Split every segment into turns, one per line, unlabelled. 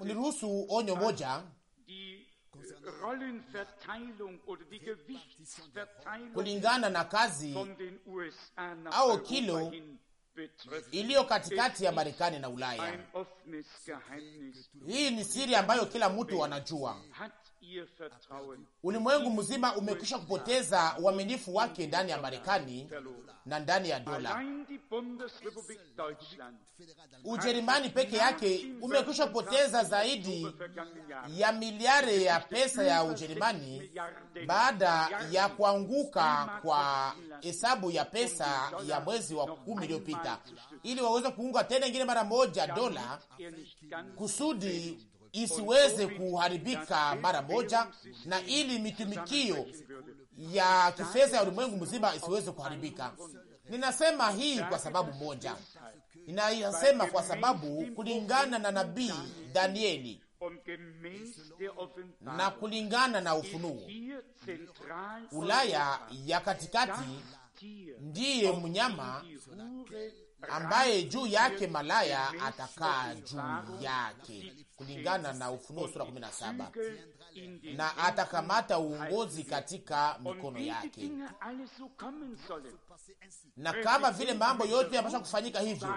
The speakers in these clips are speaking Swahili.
Uniruhusu onyo moja kulingana na kazi au kilo
iliyo katikati ya Marekani na Ulaya. Hii ni siri ambayo kila mtu anajua. Ulimwengu mzima umekwisha kupoteza uaminifu wake ndani ya Marekani na ndani ya dola.
Ujerumani
peke yake umekwisha kupoteza zaidi ya miliare ya pesa ya Ujerumani
baada
ya kuanguka kwa hesabu ya pesa ya mwezi wa kumi iliyopita sita ili waweze kuunga tena ingine mara moja dola kusudi isiweze kuharibika mara moja na ili mitumikio ya kifedha ya ulimwengu mzima isiweze kuharibika. Ninasema hii kwa sababu moja, ninasema kwa sababu kulingana na nabii Danieli
na kulingana na Ufunuo, Ulaya
ya katikati ndiye mnyama ambaye juu yake malaya atakaa juu yake, kulingana na Ufunuo sura
17,
na atakamata uongozi katika mikono yake.
Na kama vile mambo yote yapasha kufanyika hivyo,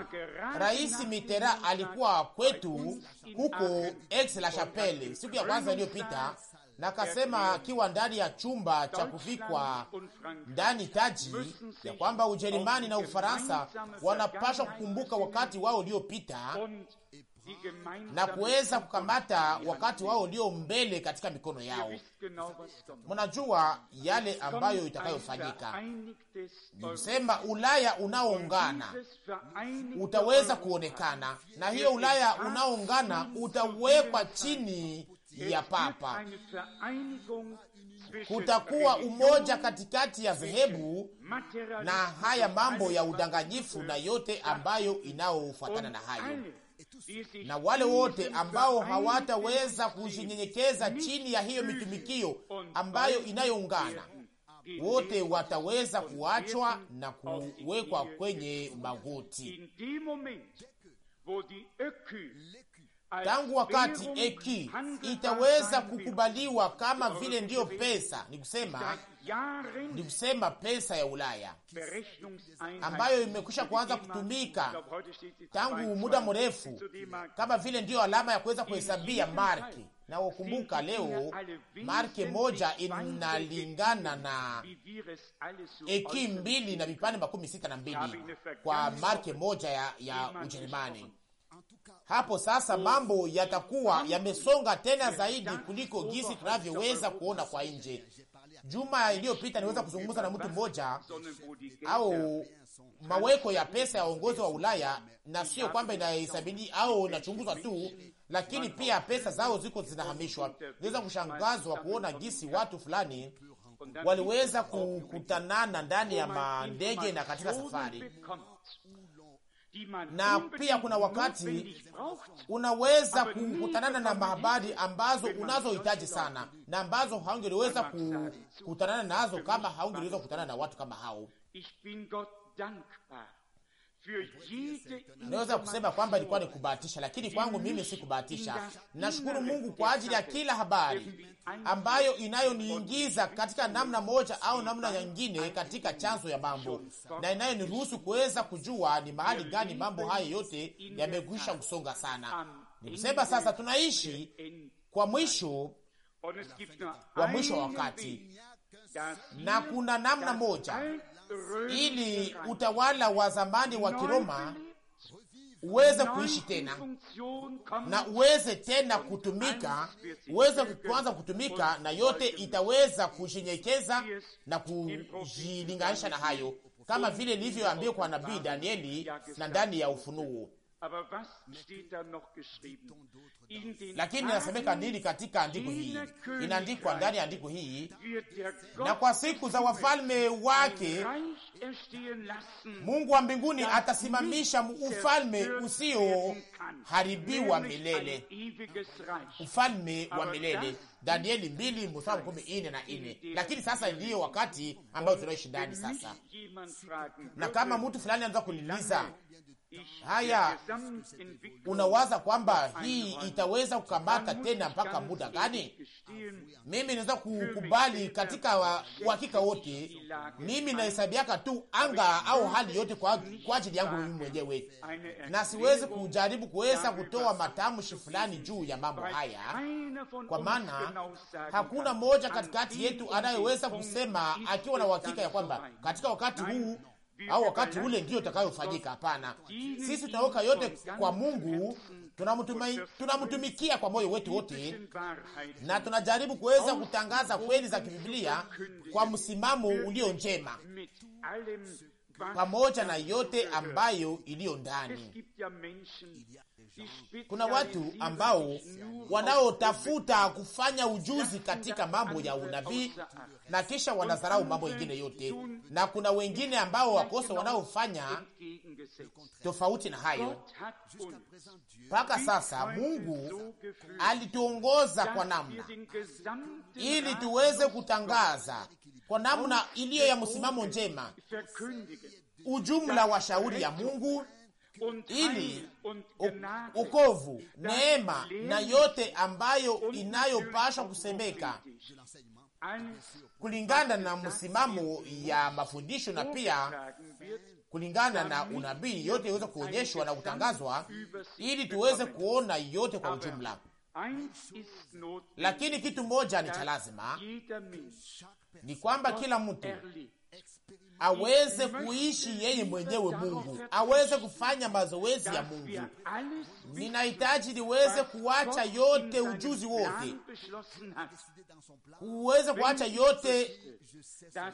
Rais
Mitera alikuwa kwetu huko Aix la Chapelle siku ya kwanza iliyopita na akasema akiwa ndani ya chumba cha kuvikwa ndani taji ya kwamba Ujerumani na Ufaransa wanapashwa kukumbuka wakati wao uliopita
na kuweza
kukamata wakati wao ulio mbele katika mikono yao. Mnajua yale ambayo itakayofanyika, nikusema Ulaya unaoungana utaweza kuonekana, na hiyo Ulaya unaoungana utawekwa chini ya papa.
Kutakuwa umoja
katikati ya dhehebu
na haya
mambo ya udanganyifu na yote ambayo inayofuatana na hayo, na wale wote ambao hawataweza kujinyenyekeza chini ya hiyo mitumikio ambayo inayoungana, wote wataweza kuachwa na kuwekwa kwenye magoti tangu wakati eki itaweza kukubaliwa kama vile ndiyo pesa, ni kusema ni kusema pesa ya Ulaya ambayo imekwisha kuanza kutumika tangu muda mrefu, kama vile ndiyo alama ya kuweza kuhesabia marki. Na wakumbuka leo marke moja inalingana na eki mbili na vipande makumi sita na mbili kwa marke moja ya, ya Ujerumani hapo sasa mambo yatakuwa yamesonga tena zaidi kuliko jinsi tunavyoweza kuona kwa nje. Juma iliyopita niweza kuzungumza na mtu mmoja au maweko ya pesa ya uongozi wa Ulaya, na sio kwamba inahesabili au inachunguzwa tu, lakini pia pesa zao ziko zinahamishwa. Niweza kushangazwa kuona jinsi watu fulani waliweza kukutanana ndani ya mandege na katika safari na pia kuna wakati unaweza kukutanana na mahabari ambazo unazohitaji sana na ambazo haungeliweza kukutanana nazo kama haungeliweza kukutanana na watu kama hao. Naweza kusema kwamba ilikuwa ni kubahatisha, lakini kwangu mimi si kubahatisha. Nashukuru Mungu kwa ajili ya kila habari ambayo inayoniingiza katika namna moja au namna nyingine katika chanzo ya mambo na inayoniruhusu kuweza kujua ni mahali gani mambo hayo yote yamekwisha kusonga sana. Um, Nikusema sasa tunaishi kwa mwisho wa mwisho wa wakati, na kuna namna moja
ili
utawala wa zamani wa Kiroma uweze kuishi tena na uweze tena kutumika, uweze kuanza kutumika, na yote itaweza kushinyekeza na kujilinganisha na hayo, kama vile ilivyoambiwa kwa nabii Danieli na ndani ya Ufunuo.
Lakini inasemeka nini katika andiko hii? Inaandikwa ndani ya andiko
hii, na kwa siku za wafalme wake
Mungu wa mbinguni atasimamisha ufalme
usioharibiwa milele, ufalme wa milele. Danieli mbili mstari kumi ine na ine. Lakini sasa ndiyo wakati ambayo tunaishi ndani sasa,
na kama mtu
fulani anaweza kuliuliza haya, unawaza kwamba hii itaweza kukamata tena mpaka muda gani? Mimi naweza kukubali katika uhakika wote, mimi nahesabiaka tu anga au hali yote kwa, kwa ajili yangu mimi mwenyewe, na siwezi kujaribu kuweza kutoa matamshi fulani juu ya mambo haya,
kwa maana
hakuna moja katikati yetu anayeweza kusema akiwa na uhakika ya kwamba katika wakati huu au wakati ule ndio utakayofanyika. Hapana, sisi tunaweka yote kwa Mungu, tunamtumikia kwa moyo wetu wote, na tunajaribu kuweza kutangaza kweli za kibiblia kwa msimamo ulio njema, pamoja na yote ambayo iliyo ndani kuna watu ambao wanaotafuta kufanya ujuzi katika mambo ya unabii na kisha wanadharau mambo ingine yote, na kuna wengine ambao wakosa wanaofanya tofauti na hayo.
Mpaka sasa
Mungu alituongoza kwa namna ili tuweze kutangaza kwa namna iliyo ya msimamo njema ujumla wa shauri ya Mungu ili ukovu, neema na yote ambayo inayopashwa kusemeka kulingana na msimamo ya mafundisho na pia kulingana na unabii, yote iweze kuonyeshwa na kutangazwa, ili tuweze kuona yote kwa ujumla.
Lakini kitu
moja ni cha lazima,
ni kwamba kila mtu
aweze kuishi yeye mwenyewe Mungu, aweze kufanya mazoezi ya Mungu. Ninahitaji niweze kuacha yote ujuzi wote,
uweze kuacha yote,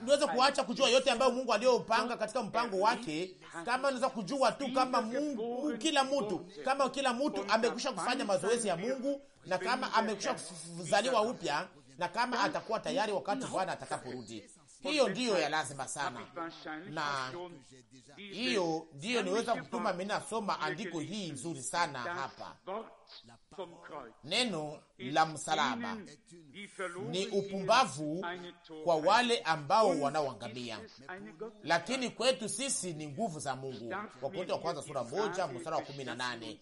niweze kuacha kujua yote
ambayo Mungu aliyopanga katika mpango wake. Kama naweza kujua tu kama Mungu, kila mtu kama kila mtu amekwisha kufanya mazoezi ya Mungu na kama amekwisha kuzaliwa upya na kama atakuwa tayari wakati Bwana atakaporudi. Hiyo ndiyo ya lazima sana,
na hiyo
ndiyo niweza kutuma mimi nasoma andiko hii nzuri sana hapa Neno la msalaba ni upumbavu kwa wale ambao wanaoangamia, lakini kwetu sisi ni nguvu za Mungu. Wakorintho wa kwanza sura moja mstari wa kumi na nane.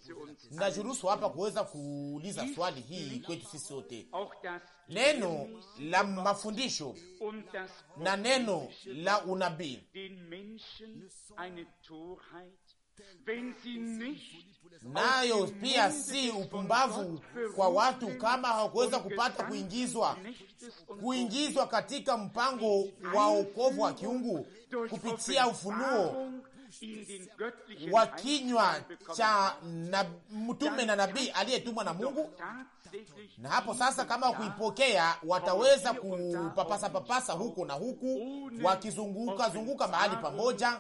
Ninajiruhusu hapa kuweza kuuliza swali hii kwetu sisi sote, neno la mafundisho na neno la unabii nayo pia si upumbavu kwa watu kama hawakuweza kupata kuingizwa kuingizwa katika mpango wa wokovu wa kiungu kupitia ufunuo
wa kinywa cha
na mtume na nabii aliyetumwa na Mungu, na hapo sasa, kama kuipokea wataweza kupapasa papasa huku na huku, wakizunguka zunguka mahali pamoja,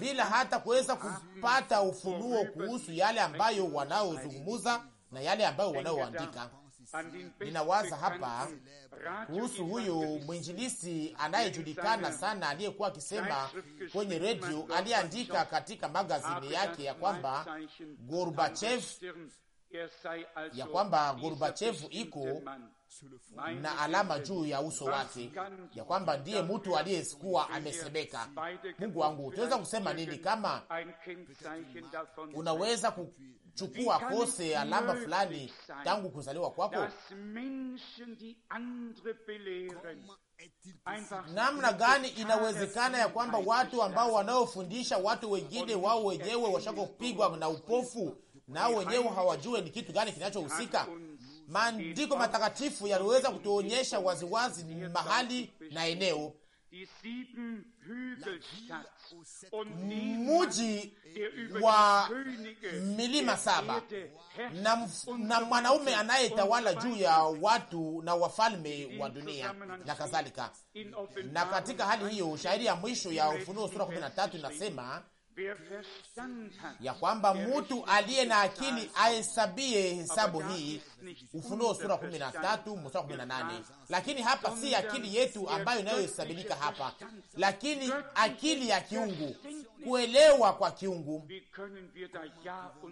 bila hata kuweza kupata ufunuo kuhusu yale ambayo wanaozungumuza na yale ambayo wanaoandika. Ninawaza hapa kuhusu huyu mwinjilisi anayejulikana sana aliyekuwa akisema kwenye redio, aliyeandika katika magazini yake ya kwamba Gorbachev
ya kwamba Gorbachevu iko na alama
juu ya uso wake, ya kwamba ndiye mtu aliyekuwa amesemeka. Mungu wangu, tunaweza kusema nini kama unaweza kuchukua kose alama fulani tangu kuzaliwa kwako?
Namna gani inawezekana ya kwamba
watu ambao wanaofundisha watu wengine wao wenyewe washakopigwa na upofu nao wenyewe hawajue ni kitu gani kinachohusika. Maandiko matakatifu yaliweza kutuonyesha waziwazi mahali na eneo
muji wa milima saba
na, na mwanaume anayetawala juu ya watu na wafalme wa dunia na kadhalika. Na katika hali hiyo, shahiri ya mwisho ya Ufunuo sura 13 inasema ya kwamba mutu aliye na akili ahesabie hesabu hii, Ufunuo sura 13 mstari 18. Lakini hapa si akili yetu ambayo inayohesabilika hapa, lakini akili ya kiungu,
kuelewa
kwa kiungu.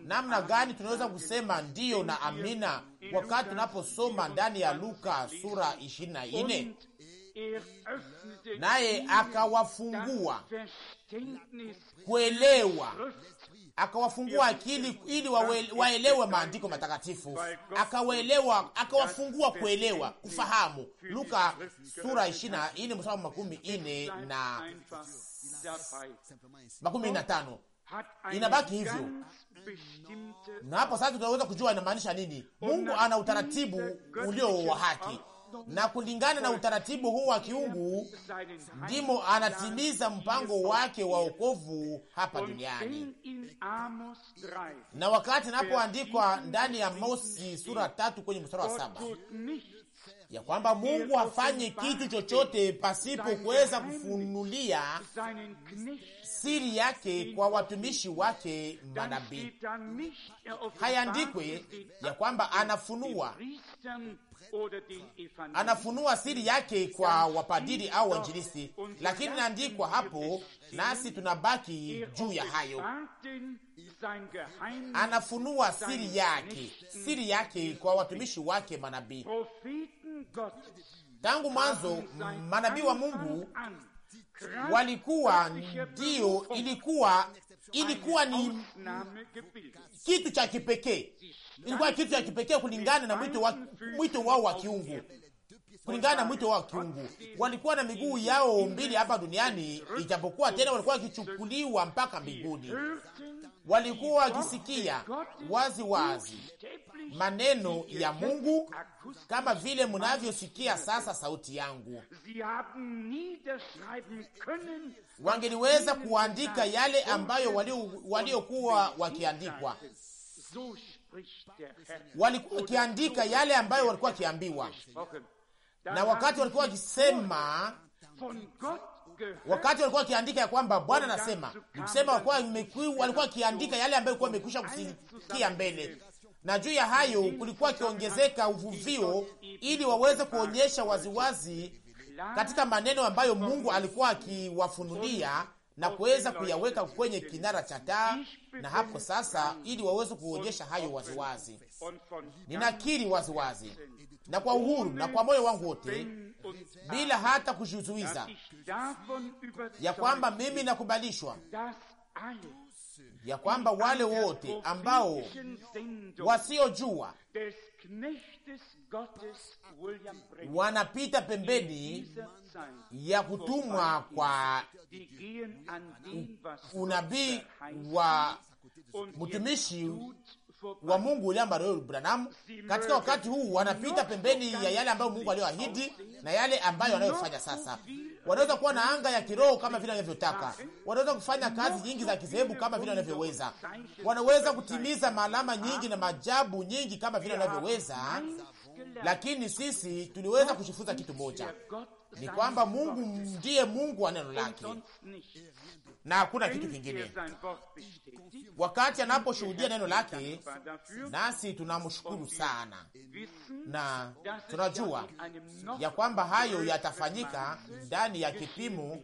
Namna gani tunaweza kusema ndiyo na amina wakati tunaposoma ndani ya Luka sura 24, naye akawafungua
kuelewa,
akawafungua akili ili waelewe maandiko matakatifu, akawaelewa, akawafungua kuelewa, kufahamu. Luka sura ishirini na nne mstari makumi nne na makumi na tano inabaki hivyo na hapo sasa tunaweza kujua inamaanisha nini. Mungu ana utaratibu ulio wa haki na kulingana na utaratibu huu wa kiungu ndimo anatimiza mpango wake wa wokovu hapa duniani. Na wakati napoandikwa ndani ya Amosi sura tatu kwenye mstari wa saba ya kwamba Mungu afanye kitu chochote pasipo kuweza kufunulia siri yake kwa watumishi wake manabii, hayandikwe ya kwamba anafunua
anafunua siri yake kwa wapadiri au wainjilisi lakini
inaandikwa hapo, nasi tunabaki juu ya hayo. Anafunua siri yake, siri yake kwa watumishi wake manabii. Tangu mwanzo manabii wa Mungu walikuwa ndio, ilikuwa ilikuwa ni kitu cha kipekee, ilikuwa kitu cha kipekee kulingana na mwito wao wa kiungu kulingana na mwito wa kiungu. Walikuwa na miguu yao mbili hapa duniani, ijapokuwa tena walikuwa wakichukuliwa mpaka mbinguni. Walikuwa wakisikia wazi wazi maneno ya Mungu kama vile mnavyosikia sasa sauti yangu. Wangeliweza kuandika yale ambayo waliokuwa walio wakiandikwa walikuwa wakiandika yale ambayo walikuwa wakiambiwa na wakati walikuwa wakisema, wakati walikuwa wakiandika ya kwamba Bwana anasema, kusema, walikuwa wakiandika yale ambayo ilikuwa imekwisha kusikia mbele, na juu ya hayo kulikuwa akiongezeka uvuvio, ili waweze kuonyesha waziwazi katika maneno ambayo Mungu alikuwa akiwafunulia na kuweza kuyaweka kwenye kinara cha taa na hapo sasa, ili waweze kuonyesha hayo waziwazi. Ninakiri waziwazi na kwa uhuru na kwa moyo wangu wote bila hata kujizuiza
ya kwamba mimi
nakubalishwa ya kwamba wale wote ambao
wasiojua wanapita pembeni
ya kutumwa kwa unabii wa mtumishi wa Mungu William Barrow Branham katika wakati huu wanapita pembeni ya yale ambayo Mungu aliyoahidi na yale ambayo wanayofanya sasa. Wanaweza kuwa na anga ya kiroho kama vile wanavyotaka, wanaweza kufanya kazi nyingi za kizehebu kama vile wanavyoweza, wanaweza kutimiza maalama nyingi na maajabu nyingi kama vile wanavyoweza, lakini sisi tuliweza kujifunza kitu moja, ni kwamba Mungu ndiye Mungu wa neno lake na hakuna kitu kingine. Wakati anaposhuhudia neno lake, nasi tunamshukuru sana na tunajua ya kwamba hayo yatafanyika ndani ya kipimo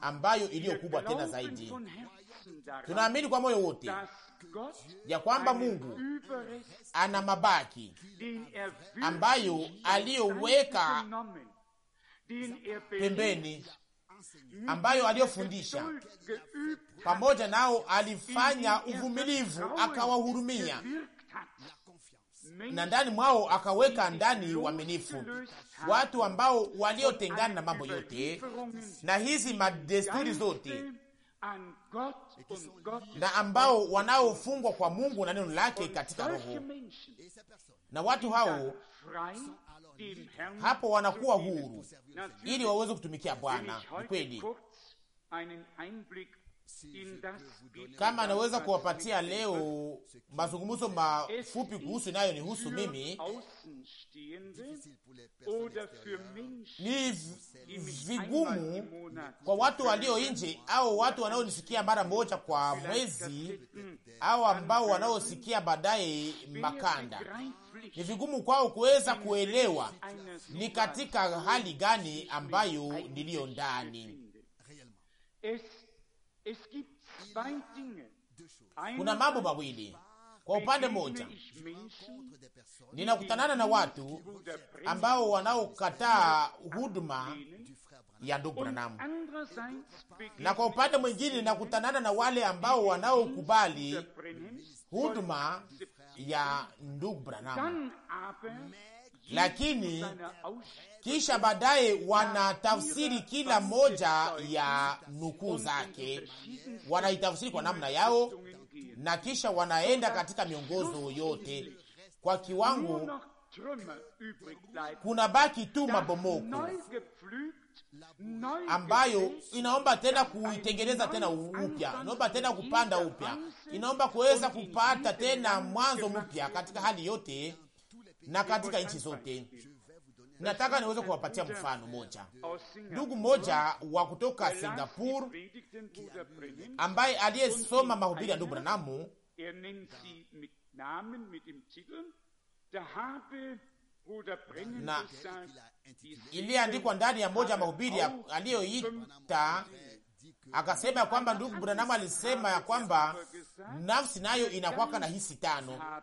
ambayo iliyo kubwa tena zaidi.
Tunaamini kwa moyo wote
ya kwamba Mungu ana mabaki
ambayo aliyoweka pembeni, ambayo aliyofundisha
pamoja nao, alifanya uvumilivu, akawahurumia na ndani mwao akaweka ndani uaminifu, watu ambao waliotengana na mambo yote na hizi madesturi zote na ambao wanaofungwa kwa Mungu na neno lake katika Roho,
na watu hao hapo wanakuwa huru ili waweze
kutumikia Bwana. Ni kweli
kama anaweza kuwapatia leo
mazungumzo mafupi kuhusu inayo nihusu mimi, ni vigumu kwa watu walio nje au watu wanaonisikia mara moja kwa mwezi au ambao wanaosikia baadaye makanda, ni vigumu kwao kuweza kuelewa ni katika hali gani ambayo niliyo ndani.
Kuna mambo mawili
kwa upande mmoja,
ninakutanana na watu ambao
wanaokataa huduma ya ndugu Branamu, na kwa upande mwingine ninakutanana na wale ambao wanaokubali huduma ya ndugu Branamu lakini kisha baadaye wanatafsiri kila moja ya nukuu zake, wanaitafsiri kwa namna yao, na kisha wanaenda katika miongozo yote kwa kiwango. Kuna baki tu mabomoko
ambayo inaomba
tena kuitengeneza tena upya, inaomba tena kupanda upya, inaomba kuweza kupata tena mwanzo mpya katika hali yote na katika nchi zote. Nataka niweze kuwapatia mfano moja. Ndugu mmoja wa kutoka Singapore ambaye aliyesoma mahubiri ya ndugu Branamu na iliandikwa ndani ya moja mahubiri aliyoita akasema ya kwamba ndugu Branamu alisema ya kwamba nafsi nayo inakwaka na hisi tano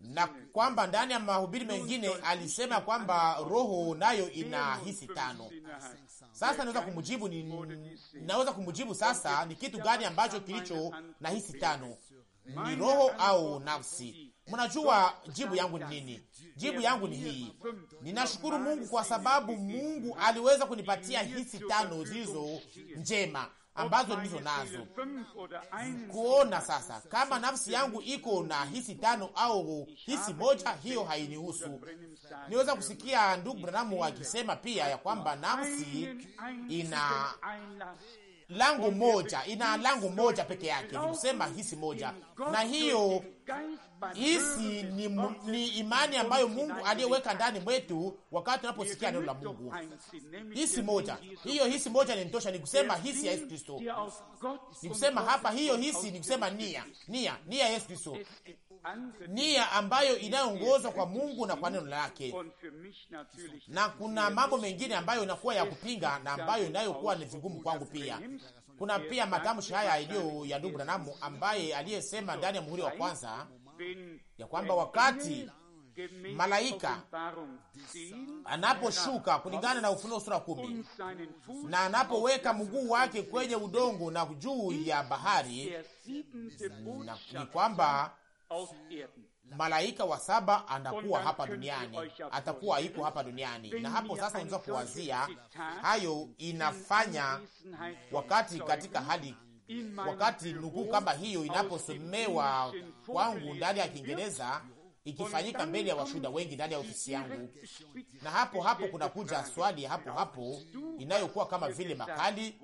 na kwamba ndani ya mahubiri mengine alisema kwamba roho nayo ina hisi tano. Sasa naweza kumjibu ni, naweza kumjibu sasa, ni kitu gani ambacho kilicho na hisi tano? Ni roho au nafsi? Mnajua jibu yangu ni nini? Jibu yangu ni hii: ninashukuru Mungu kwa sababu Mungu aliweza kunipatia hisi tano zilizo njema ambazo nilizo nazo. Kuona sasa kama nafsi yangu iko na hisi tano au hisi moja, hiyo hainihusu. Niweza kusikia ndugu Branamu akisema pia ya kwamba nafsi ina lango moja, ina lango moja peke yake, nikusema hisi moja, na hiyo hisi ni, ni imani ambayo Mungu aliyeweka ndani mwetu wakati tunaposikia neno la Mungu. Hisi moja, hiyo hisi moja ni nikusema hisi ya Yesu Kristo, nikusema hapa, hiyo hisi kusema nia, nia, nia ya Yesu Kristo nia ambayo inayoongozwa kwa Mungu na kwa neno lake, na kuna mambo mengine ambayo inakuwa ya kupinga na ambayo inayokuwa ni vigumu kwangu pia. Kuna pia matamshi haya iliyo ya ndugu Branham ambaye aliyesema ndani ya muhuri wa kwanza
ya kwamba wakati malaika anaposhuka kulingana na
Ufunuo sura kumi
na anapoweka
mguu wake kwenye udongo na juu ya bahari, ni kwamba malaika wa saba anakuwa hapa duniani, atakuwa iko hapa duniani. Na hapo sasa unaweza kuwazia hayo inafanya wakati katika hali wakati nukuu kama hiyo inaposemewa kwangu ndani ya Kiingereza ikifanyika mbele ya washuhuda wengi ndani ya ofisi yangu, na hapo hapo kunakuja swali hapo hapo inayokuwa kama vile makali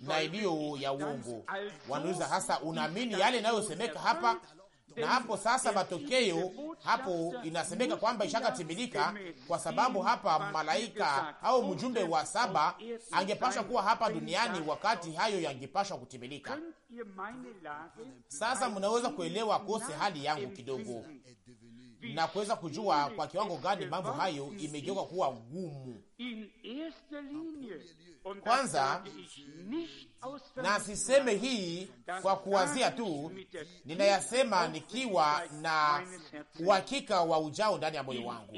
na iliyo ya uongo. Wanauliza hasa, unaamini yale inayosemeka hapa? Na hapo sasa, matokeo hapo inasemeka kwamba ishakatimilika, kwa sababu hapa malaika au mjumbe wa saba angepashwa kuwa hapa duniani wakati hayo yangepashwa kutimilika. Sasa mnaweza kuelewa kose hali yangu kidogo na kuweza kujua kwa kiwango gani mambo hayo imegeuka kuwa gumu. Kwanza
na siseme hii
kwa kuwazia tu, ninayasema nikiwa na uhakika wa ujao ndani ya moyo wangu.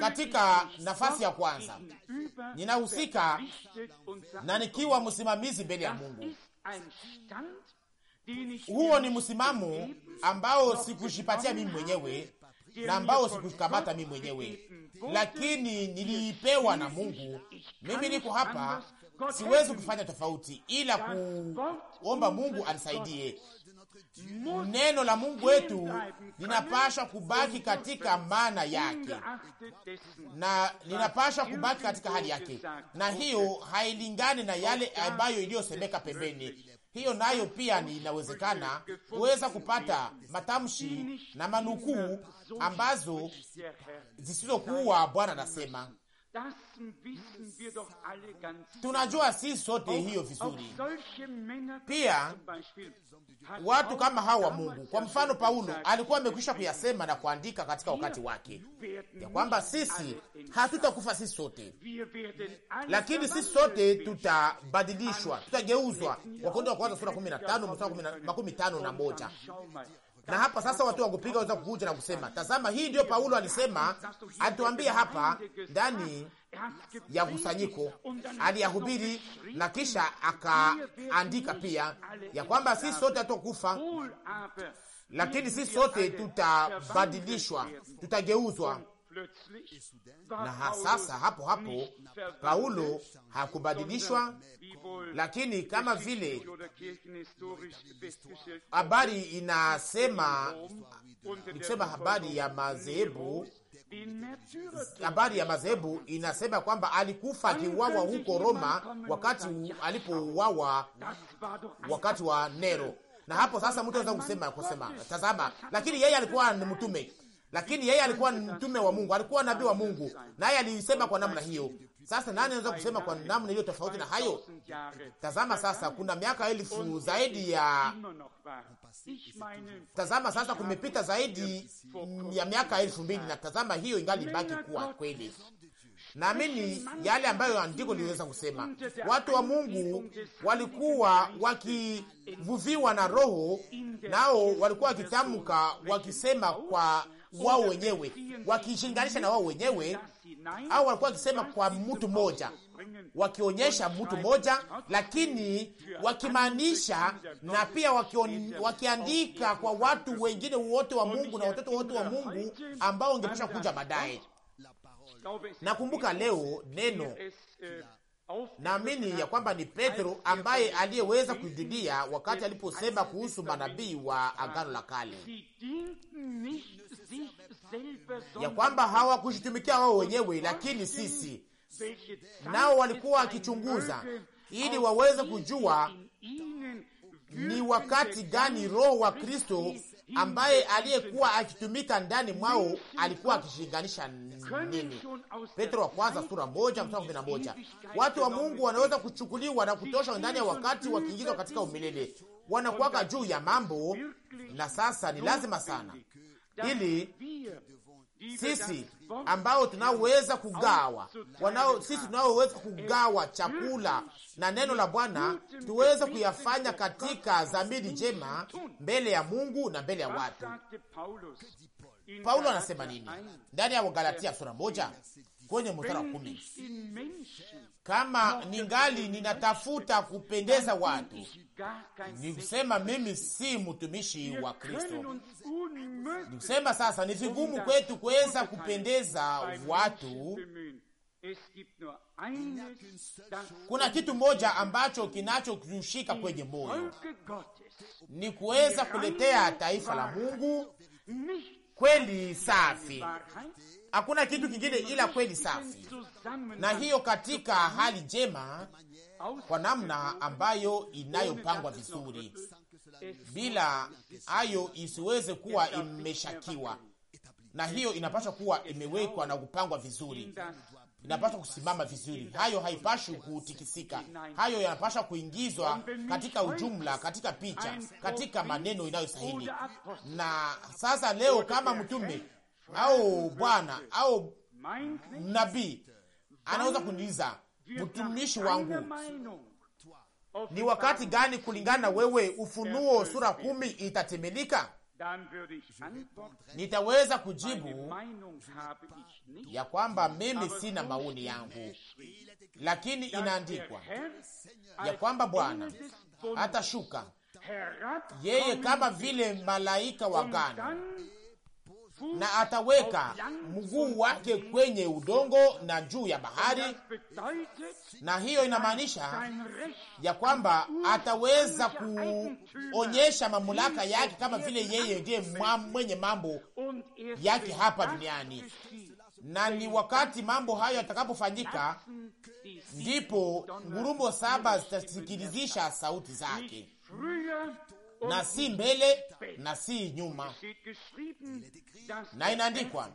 Katika nafasi ya kwanza, ninahusika na nikiwa
msimamizi mbele ya Mungu huo ni msimamo ambao sikujipatia mimi mwenyewe na ambao sikukamata mimi mwenyewe, lakini niliipewa na Mungu. Mimi niko hapa, siwezi kufanya tofauti ila kuomba Mungu anisaidie. Neno la Mungu wetu linapasha kubaki katika maana yake na linapasha kubaki katika hali yake, na hiyo hailingani na yale ambayo iliyosemeka pembeni hiyo nayo pia ni inawezekana kuweza kupata matamshi na manukuu
ambazo
zisizokuwa Bwana anasema Tunajua si sote hiyo vizuri.
Pia watu kama hao wa
Mungu, kwa mfano Paulo alikuwa amekwisha kuyasema na kuandika katika wakati wake
ya kwamba sisi hatutakufa
sisi sote,
lakini sisi sote
tutabadilishwa, tutageuzwa. Wakorintho wa kwanza sura 15 mstari 15 na moja. Na hapa sasa watu wakupiga waweza kukuja na kusema, tazama, hii ndio Paulo alisema, alituambia hapa ndani ya kusanyiko,
aliyahubiri
na kisha akaandika pia ya kwamba sisi sote hatokufa lakini sisi sote tutabadilishwa, tutageuzwa
na sasa hapo hapo
Paulo hakubadilishwa, lakini kama vile habari inasema, nikisema habari ya madhehebu habari ya madhehebu inasema kwamba alikufa akiuawa huko Roma, wakati alipouawa wakati wa Nero. Na hapo sasa mtu anaweza kusema kusema tazama, lakini yeye alikuwa ni mtume, lakini yeye alikuwa mtume wa Mungu, alikuwa nabii wa Mungu, naye alisema kwa namna hiyo. Sasa nani anaweza kusema kwa namna hiyo tofauti na hayo? Tazama sasa, kuna miaka elfu zaidi ya tazama sasa, kumepita zaidi ya miaka elfu mbili na tazama, hiyo ingali baki kuwa kweli. Naamini yale ambayo andiko liliweza kusema, watu wa Mungu walikuwa wakivuviwa na Roho, nao walikuwa wakitamka wakisema kwa wao wenyewe, wakishinganisha na wao wenyewe, au walikuwa wakisema kwa mtu mmoja, wakionyesha mtu mmoja, lakini wakimaanisha na pia wakion, wakiandika kwa watu wengine wote wa Mungu na watoto wote wa Mungu ambao wangepasha kuja baadaye. Nakumbuka leo neno naamini ya kwamba ni Petro ambaye aliyeweza kujudia wakati aliposema kuhusu manabii wa Agano la Kale ya kwamba hawakushitumikia wao wenyewe, lakini sisi nao walikuwa wakichunguza ili waweze kujua ni wakati gani Roho wa Kristo ambaye aliyekuwa akitumika ndani mwao alikuwa akishinganisha nini. Petro wa kwanza sura moja mstari kumi na moja. Watu wa Mungu wanaweza kuchukuliwa na kutoshwa ndani ya wakati, wakiingizwa katika umilele, wanakuwaka juu ya mambo, na sasa ni lazima sana ili sisi ambao tunaoweza kugawa wanao, sisi tunaoweza kugawa chakula na neno la Bwana tuweze kuyafanya katika dhamiri njema mbele ya Mungu na mbele ya watu. Paulo anasema nini ndani ya Wagalatia sura moja kwenye mstari wa kumi? Kama ningali ninatafuta kupendeza watu ni kusema mimi si mtumishi wa Kristo. Ni kusema sasa ni vigumu kwetu kuweza kupendeza watu. Kuna kitu moja ambacho kinachokushika kwenye moyo, ni kuweza kuletea taifa la Mungu kweli safi. Hakuna kitu kingine ila kweli safi, na hiyo katika hali njema kwa namna ambayo inayopangwa vizuri, bila hayo isiweze kuwa imeshakiwa, na hiyo inapaswa kuwa imewekwa na kupangwa vizuri, inapaswa kusimama vizuri. Hayo haipashi kutikisika, hayo yanapaswa kuingizwa katika ujumla, katika picha, katika maneno inayostahili. Na sasa leo kama mtume au bwana au nabii anaweza kuniuliza mtumishi wangu
ni wakati gani
kulingana wewe? Ufunuo sura kumi itatimilika? Nitaweza kujibu
ya kwamba mimi sina
maoni yangu, lakini inaandikwa
ya kwamba Bwana
atashuka yeye kama vile malaika wa gano na ataweka mguu wake kwenye udongo na juu ya bahari, na hiyo inamaanisha ya kwamba ataweza kuonyesha mamlaka yake kama vile yeye ndiye mwenye mambo
yake hapa
duniani, na ni wakati mambo hayo yatakapofanyika ndipo ngurumo saba zitasikilizisha sauti zake na si mbele na si nyuma.
Na inaandikwa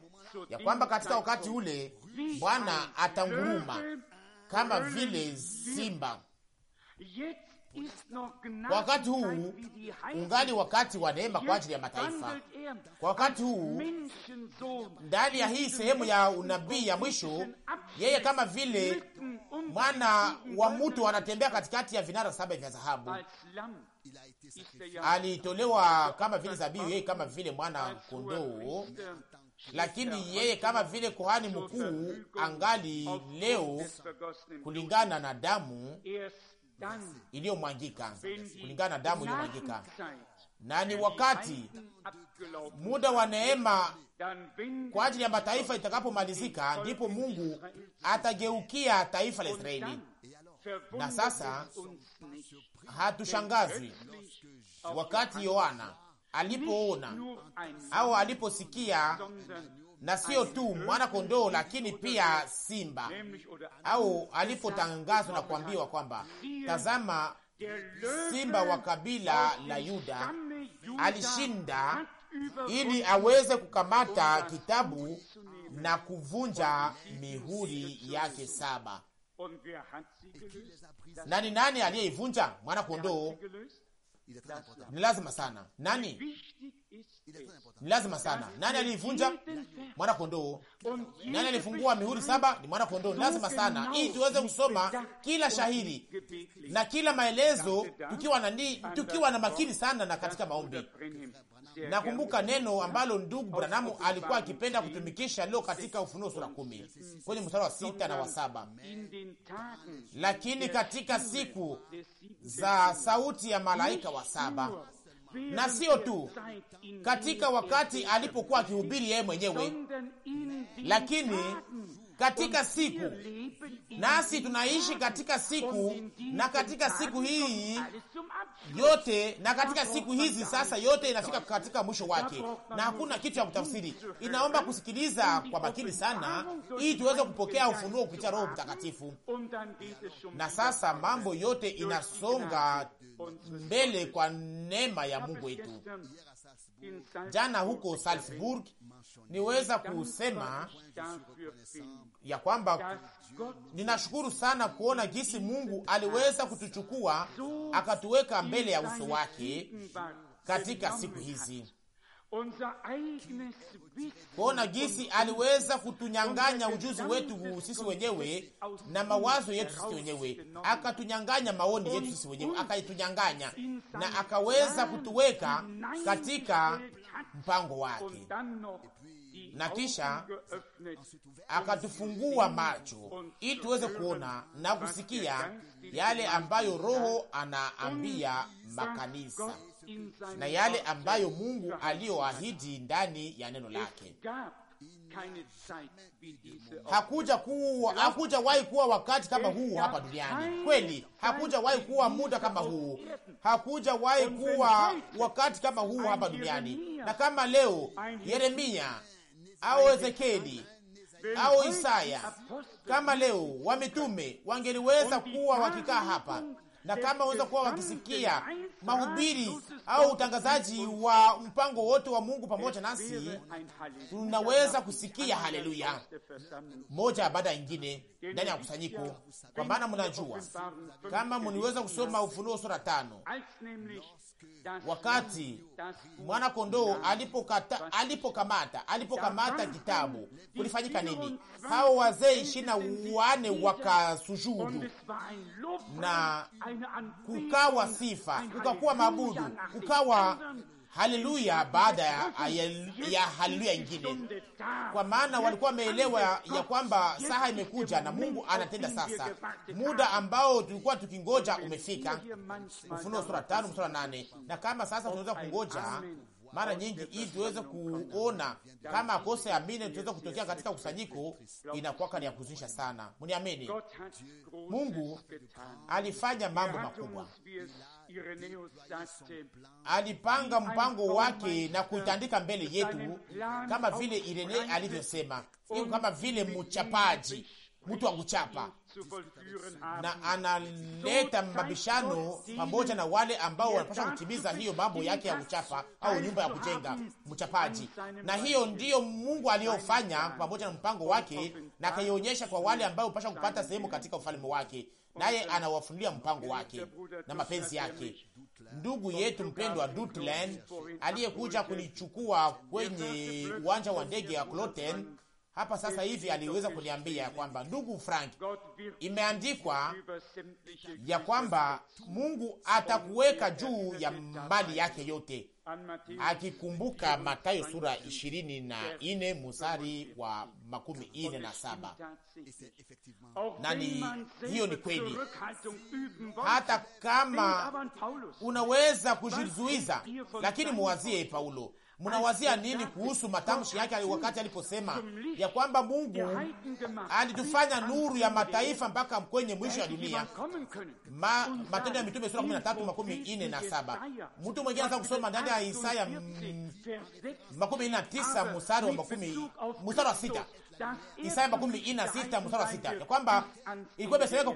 ya kwamba katika
wakati ule Bwana atanguruma kama vile simba.
Wakati huu ungali
wakati wa neema kwa ajili ya mataifa. Kwa wakati huu ndani ya hii sehemu ya unabii ya mwisho, yeye kama vile mwana wa mtu anatembea katikati ya vinara saba vya dhahabu, alitolewa kama vile zabihu, yeye kama vile mwana kondoo lakini yeye kama vile kuhani mkuu angali leo kulingana na damu iliyomwangika kulingana na damu iliyomwangika, na ni wakati muda wa neema kwa ajili ya mataifa itakapomalizika, ndipo Mungu atageukia taifa la Israeli.
Na sasa hatushangazwi
wakati Yohana alipoona
au aliposikia
na sio tu mwana kondoo, lakini pia simba, au alipotangazwa na kuambiwa kwamba tazama, simba wa kabila la Yuda alishinda
ili aweze
kukamata kitabu na kuvunja mihuri yake saba. Na ni nani aliyeivunja? Mwana kondoo ni lazima sana. Nani?
Ni lazima sana. Nani alivunja?
Mwana kondoo.
Nani alifungua mihuri saba?
Ni mwana kondoo. Ni lazima sana ili tuweze kusoma kila shahidi na kila maelezo tukiwa na, tukiwa na makini sana na katika maombi Nakumbuka neno ambalo ndugu Branamu alikuwa akipenda kutumikisha leo katika Ufunuo sura kumi kwenye mstari wa sita na wa saba
lakini katika siku
za sauti ya malaika wa saba
na sio tu
katika wakati alipokuwa akihubiri yeye mwenyewe, lakini katika siku, nasi tunaishi katika siku, na katika siku hii yote, na katika siku hizi sasa, yote inafika katika mwisho wake, na hakuna kitu ya kutafsiri. Inaomba kusikiliza kwa makini sana, ili tuweze kupokea ufunuo kupitia Roho Mtakatifu. Na sasa mambo yote inasonga mbele kwa neema ya Mungu wetu.
Jana huko
Salzburg niweza kusema ya kwamba ninashukuru sana kuona jinsi Mungu aliweza kutuchukua akatuweka mbele ya uso wake
katika siku hizi, kuona jinsi aliweza
kutunyang'anya ujuzi wetu sisi wenyewe na mawazo yetu sisi wenyewe, akatunyang'anya maoni yetu sisi wenyewe, akaitunyang'anya na akaweza kutuweka katika
mpango wake na kisha
eh, akatufungua macho ili tuweze kuona na kusikia yale ambayo Roho anaambia makanisa na yale ambayo Mungu aliyoahidi ndani ya neno lake. Hakuja kuwa, hakuja wahi kuwa wakati kama huu hapa duniani kweli, hakuja wahi kuwa muda kama huu, hakuja wahi kuwa wakati kama huu hapa duniani. Na kama leo Yeremia au Ezekieli au Isaya kama leo wametume wangeliweza kuwa wakikaa hapa na kama waweza kuwa wakisikia mahubiri au utangazaji wa mpango wote wa Mungu pamoja nasi,
tunaweza
kusikia haleluya moja baada ya ingine ndani ya kusanyiko, kwa maana mnajua
kama mniweza kusoma
Ufunuo sura tano, wakati mwana kondoo alipokamata alipokamata alipokamata kitabu kulifanyika nini? Hao wazee ishirini na wane wakasujudu na
kukawa
sifa, kukakuwa mabudu, kukawa haleluya baada ya, ya, ya haleluya ingine, kwa maana walikuwa wameelewa ya kwamba saha imekuja na Mungu anatenda sasa. Muda ambao tulikuwa tukingoja umefika, Ufunuo sura tano sura nane. Na kama sasa tunaweza kungoja mara nyingi ili tuweze kuona kama kosa ya mine tuweze kutokea katika kusanyiko, inakwaka ni ya kuzunisha sana. Mniamini, Mungu
alifanya
mambo makubwa alipanga mpango wake na kuitandika mbele yetu, kama vile Irene alivyosema, iko kama vile mchapaji, mtu wa kuchapa, na analeta mabishano pamoja na wale ambao wanapasha kutimiza hiyo mambo yake ya kuchapa au nyumba ya kujenga mchapaji. Na hiyo ndiyo Mungu aliyofanya pamoja na mpango wake, na akaionyesha kwa wale ambao hupasha kupata sehemu katika ufalme wake naye anawafunulia mpango wake na mapenzi yake. Ndugu yetu mpendwa Dutland aliyekuja kunichukua kwenye uwanja wa ndege ya Kloten hapa sasa hivi aliweza kuniambia ya kwamba ndugu Frank, imeandikwa ya kwamba Mungu atakuweka juu ya mali yake yote akikumbuka matayo sura ishirini na ine musari wa makumi ine na saba
na ni hiyo ni kweli, hata kama unaweza kujizuiza, lakini muwazie
Paulo Mnawazia nini kuhusu matamshi yake wakati aliposema ya kwamba Mungu
alitufanya nuru ya mataifa
mpaka kwenye mwisho ya dunia? Ma, Matendo ya Mitume sura 13 makumi ine na saba. Mtu mwingine anaweza kusoma ndani ya Isaya makumi ine na tisa mstari wa makumi mstari wa sita, Isaya makumi mbili na sita mstari wa sita ya kwamba ilikuwa imesemeka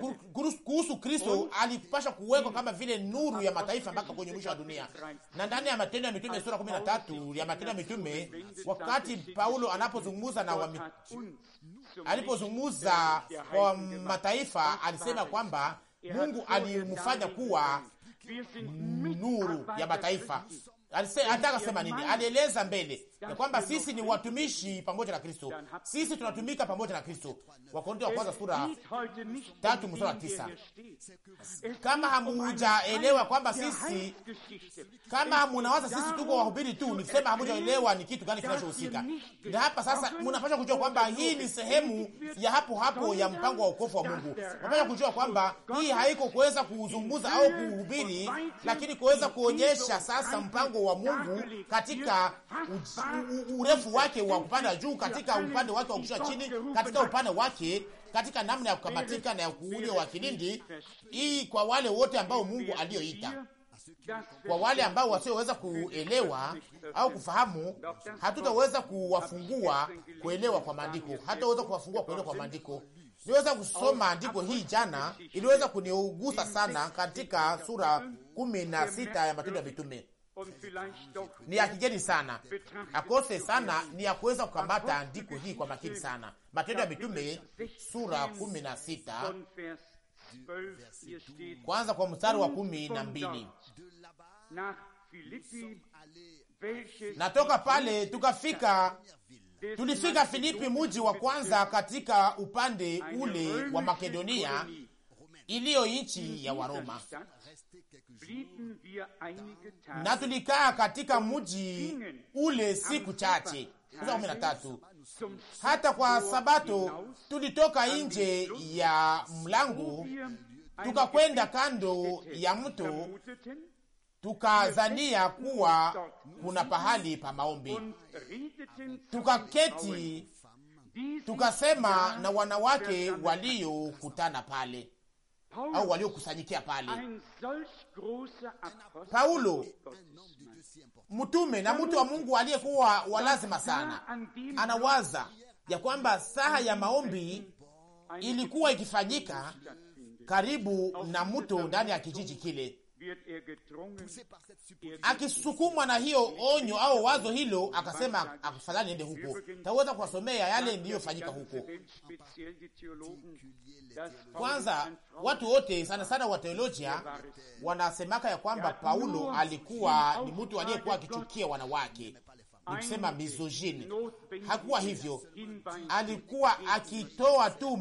kuhusu Kristo alipasha kuwekwa kama vile nuru ya mataifa mpaka kwenye mwisho wa dunia. Na ndani ya Matendo ya Mitume sura kumi na tatu ya Matendo ya Mitume, wakati Paulo anapozungumza na wami... alipozungumza kwa mataifa alisema kwamba Mungu alimfanya kuwa nuru ya mataifa. Alitaka sema nini? Alieleza mbele ya kwamba sisi ni watumishi pamoja na Kristo, sisi tunatumika pamoja na Kristo. Wakorintho wa kwanza sura
tatu mstari wa tisa.
Kama hamujaelewa kwamba sisi, kama munawaza sisi tuko wahubiri tu, nikisema hamujaelewa ni kitu gani kinachohusika. Na hapa sasa munapasha kujua kwamba hii ni sehemu ya hapo hapo ya mpango wa ukofu wa Mungu. Napasha kujua kwamba hii haiko kuweza kuzungumza au kuhubiri, lakini kuweza kuonyesha sasa mpango wa Mungu katika urefu wake wa kupanda juu, katika upande wake wa kushuka chini, katika upande wake, katika namna ya kukamatika na ya kuulio wa kilindi, hii kwa wale wote ambao Mungu aliyoita kwa wale ambao wasioweza kuelewa au kufahamu, hatutaweza kuwafungua kuelewa kwa maandiko, hatutaweza kuwafungua kuelewa kwa maandiko. Niweza kusoma andiko hii jana, iliweza kuniugusa sana katika sura kumi na sita ya Matendo ya Mitume ni ya kigeni sana, akose sana ni ya kuweza kukamata andiko hii kwa makini sana. Matendo ya Mitume sura kumi na sita
kwanza kwa mstari wa kumi na mbili natoka pale tukafika tulifika Filipi,
muji wa kwanza katika upande ule wa Makedonia iliyo nchi ya Waroma na tulikaa katika mji ule siku chache. kumi na tatu. Hata kwa Sabato tulitoka nje ya mlango tukakwenda kando ya mto, tukazania kuwa kuna pahali pa maombi, tukaketi tukasema na wanawake waliokutana pale au waliokusanyikia pale. Paulo mtume na mtu wa Mungu aliyekuwa wa lazima sana, anawaza ya kwamba saha ya maombi ilikuwa ikifanyika karibu na mto ndani ya kijiji kile
Er er
akisukumwa na hiyo onyo au wazo hilo, akasema afadhali niende huko. Taweza kuwasomea yale niliyofanyika huko. Kwanza watu wote sana sana wa teolojia wanasemaka ya kwamba Paulo alikuwa ni mtu aliyekuwa akichukia wanawake, nikusema misogini. Hakuwa hivyo, alikuwa akitoa tu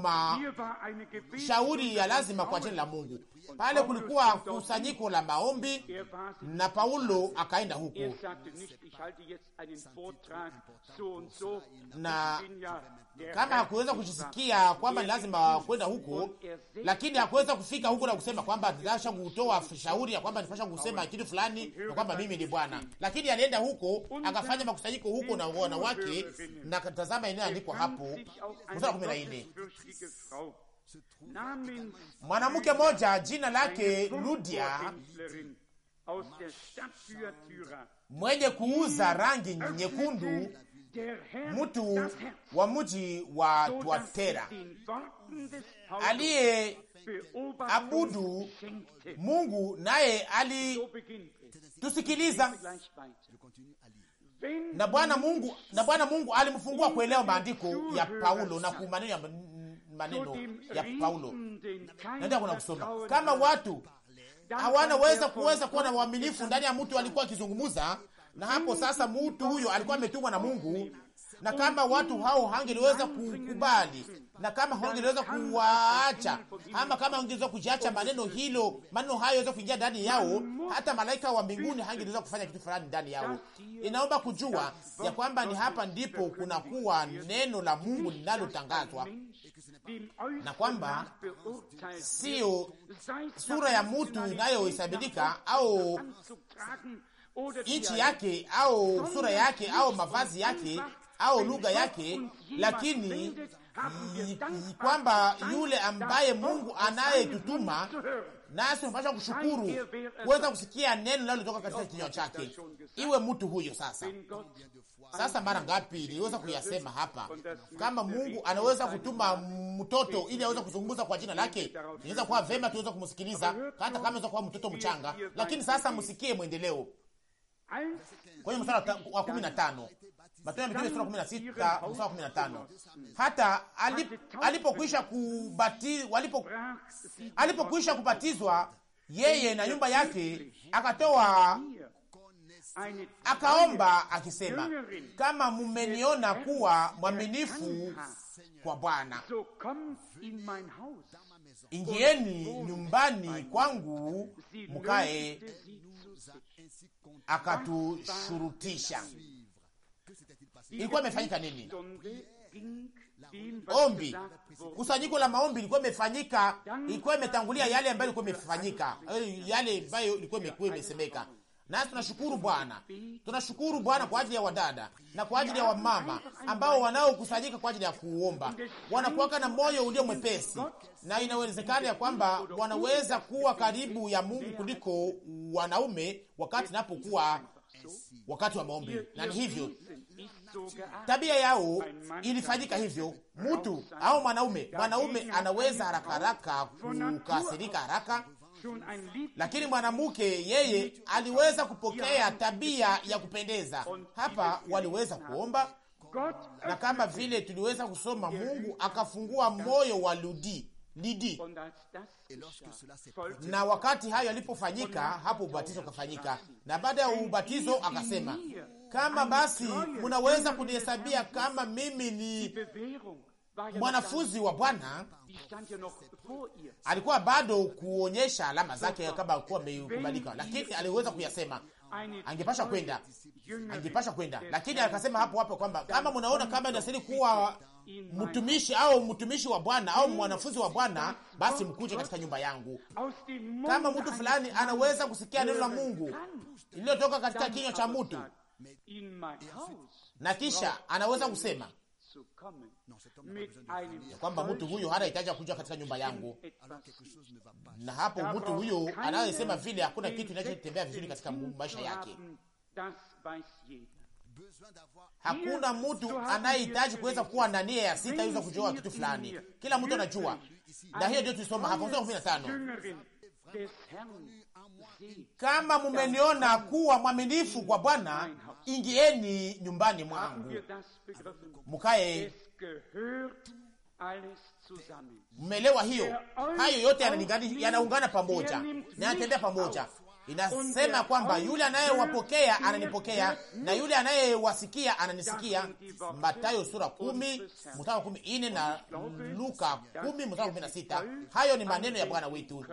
mashauri ya lazima kwa jina la
Mungu pale kulikuwa kusanyiko la maombi na Paulo akaenda huko, er
na kama hakuweza kujisikia kwamba ni er lazima kwenda huko, er lakini
hakuweza kufika huko na kusema kwamba ninasha kutoa shauri ya kwamba nipasha kusema kitu fulani na kwamba mimi ni Bwana, lakini alienda huko akafanya makusanyiko huko na wanawake, na tazama, inayoandikwa hapo mstari wa kumi na nne mwanamke moja jina lake Ludia mwenye kuuza rangi nyekundu, mtu wa mji wa Twatera
aliye
abudu Mungu, naye
alitusikiliza na Bwana Mungu,
na Bwana Mungu alimfungua kuelewa maandiko ya Paulo na ya maneno ya Paulo,
naenda kuna kusoma kama
watu hawanaweza kuweza kuwa na uaminifu ndani ya mtu alikuwa akizungumuza, na hapo sasa mtu huyo alikuwa ametumwa na Mungu na kama watu hao hangeliweza kukubali, na kama hangeliweza kuwaacha, ama kama hangeliweza kujiacha maneno hilo, maneno hayo yaweza kuingia ndani yao, hata malaika wa mbinguni hangeliweza kufanya kitu fulani ndani yao. Inaomba kujua ya kwamba ni hapa ndipo kunakuwa neno la Mungu linalotangazwa na kwamba
sio
sura ya mtu inayohesabika au nchi yake au sura yake au mavazi yake au lugha yake, lakini kwamba yule ambaye Mungu anayetutuma nasi unapasha kushukuru kuweza kusikia neno litoka katika kinywa chake, iwe mtu huyo. Sasa sasa, mara ngapi niweza kuyasema hapa, kama Mungu anaweza kutuma mtoto ili aweze kuzungumza kwa jina lake, inaweza kuwa vema tuweze kumsikiliza, hata kama aweza kuwa mtoto mchanga, lakini sasa msikie mwendeleo kwenye mstari wa kumi na tano
Matendo ya Mitume sura 16
mstari wa 15. Hata alipokwisha kubatizwa, alipo alipokwisha kubatizwa yeye na nyumba yake akatoa akaomba akisema, kama mumeniona kuwa mwaminifu kwa Bwana,
ingieni
nyumbani kwangu mkae.
Akatushurutisha ilikuwa imefanyika nini?
Ombi, kusanyiko la maombi ilikuwa imefanyika, ilikuwa imetangulia yale ambayo ilikuwa imefanyika, eh, yale ambayo ilikuwa imekuwa imesemeka. Nasi tunashukuru Bwana, tunashukuru Bwana kwa ajili ya wadada na kwa ajili ya wamama ambao wanaokusanyika kwa ajili ya kuomba, wanakuwaka na moyo ulio mwepesi, na inawezekana ya kwamba wanaweza kuwa karibu ya Mungu kuliko wanaume wakati napokuwa wakati wa maombi, na ni hivyo
tabia yao
ilifanyika hivyo. Mtu au mwanaume, mwanaume anaweza haraka haraka kukasirika haraka, lakini mwanamke yeye aliweza kupokea tabia ya kupendeza. Hapa waliweza kuomba, na kama vile tuliweza kusoma, Mungu akafungua moyo wa Ludi Lidi. Na wakati hayo yalipofanyika, hapo ubatizo ukafanyika, na baada ya ubatizo akasema kama basi munaweza kunihesabia kama mimi ni
mwanafunzi wa
Bwana. Alikuwa bado kuonyesha alama zake kama kuwa amekubalika, lakini aliweza kuyasema. Angepasha kwenda, angepasha kwenda, lakini akasema hapo hapo kwamba kama mnaona kama inastahili kuwa mtumishi au mtumishi wa Bwana au mwanafunzi wa Bwana, basi mkuje katika nyumba yangu. Kama mtu fulani anaweza kusikia neno la Mungu iliyotoka katika kinywa cha mtu na kisha anaweza kusema
ya kwamba mtu huyo
hatahitaji kuja katika nyumba yangu, na hapo mtu huyo anayesema vile hakuna kitu kinachotembea vizuri katika maisha yake.
Hakuna mtu anayehitaji kuweza
kuwa na nia ya sita iweza kujua kitu fulani, kila mtu anajua, na hiyo ndio tulisoma hapo kumi na tano
kama mumeniona
kuwa mwaminifu kwa Bwana ingieni nyumbani mwangu
mukae Mmelewa hiyo? Hayo yote yanaungana pamoja, yanatembea
pamoja inasema kwamba yule anayewapokea ananipokea na yule anayewasikia ananisikia. Matayo sura kumi mstari kumi ine na Luka kumi mstari kumi na sita. Hayo ni maneno ya Bwana wetu,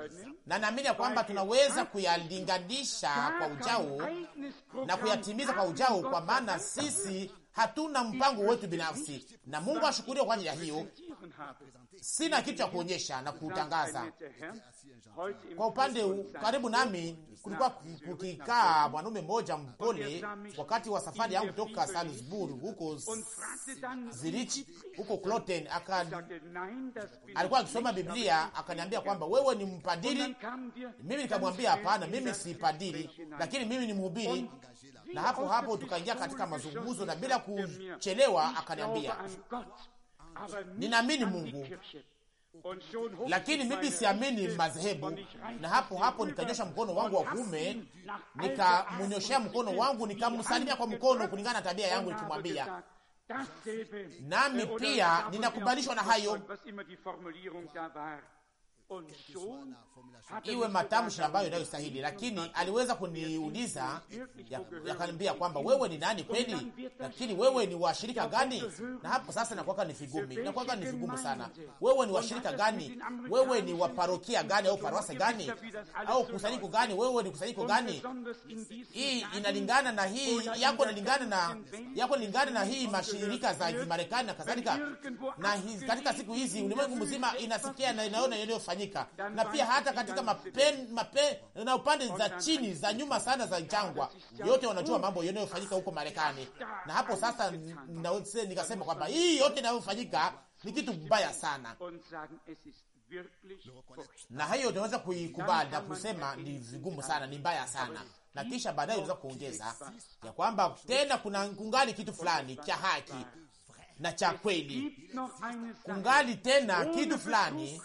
na naamini ya kwamba tunaweza kuyalinganisha kwa ujao na kuyatimiza kwa ujao, kwa maana sisi hatuna mpango wetu binafsi, na Mungu ashukuriwe kwa ajili ya hiyo sina kitu cha kuonyesha na kutangaza.
Kwa upande karibu nami kulikuwa
kukikaa mwanaume mmoja mpole, wakati wa safari yangu kutoka Salzburg huko Zurich huko Kloten, alikuwa akisoma Biblia, akaniambia kwamba wewe ni mpadiri. Mimi nikamwambia hapana, mimi si padiri, lakini mimi ni mhubiri. Na hapo hapo tukaingia katika mazungumzo, na bila kuchelewa akaniambia
ninaamini Mungu, lakini mimi siamini madhehebu.
Na hapo hapo nikanyosha mkono wangu wa kuume, nikamnyoshea mkono wangu, nikamsalimia kwa mkono kulingana na tabia yangu, nikimwambia nami pia ninakubalishwa na hayo
onyesho
iwe matamshi ambayo inayostahili, lakini aliweza kuniuliza yakaniambia ya kwamba wewe ni nani kweli, lakini wewe ni washirika gani? Na hapo sasa nakwaka ni vigumi, nakwaka ni vigumu sana. Wewe ni washirika gani? Wewe ni wa parokia gani au parwasa gani au kusanyiko gani? Wewe ni kusanyiko gani? Hii inalingana na hii yako, inalingana na yako, inalingana na hii mashirika za Marekani na kadhalika, na katika siku hizi ulimwengu mzima inasikia na inaona yaliyofanyika kufanyika, na pia hata katika mapen, mapen, na upande za chini za nyuma sana za jangwa, yote wanajua mambo yanayofanyika huko Marekani. Na hapo sasa nikasema kwamba hii yote inayofanyika ni kitu mbaya sana, na hayo tunaweza kuikubali na kusema ni vigumu sana, ni mbaya sana na kisha baadaye unaweza kuongeza ya kwamba tena kuna kungali kitu fulani cha haki na cha kweli, kungali tena kitu fulani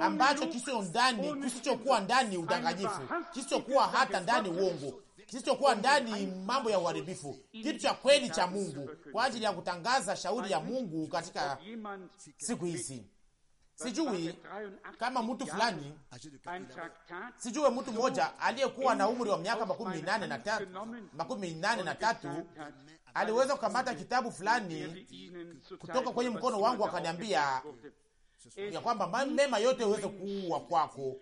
ambacho kisicho ndani, kisichokuwa ndani udanganyifu, kisichokuwa hata ndani uongo, kisichokuwa ndani mambo ya uharibifu, kitu cha kweli cha Mungu kwa ajili ya kutangaza shauri ya Mungu katika siku hizi. Sijui kama mtu fulani, sijui mtu mmoja aliyekuwa na umri wa miaka makumi nane na tatu, makumi nane na tatu aliweza kukamata kitabu fulani
kutoka kwenye mkono wangu, akaniambia
ya eh, kwamba mema yote uweze kuua kwako,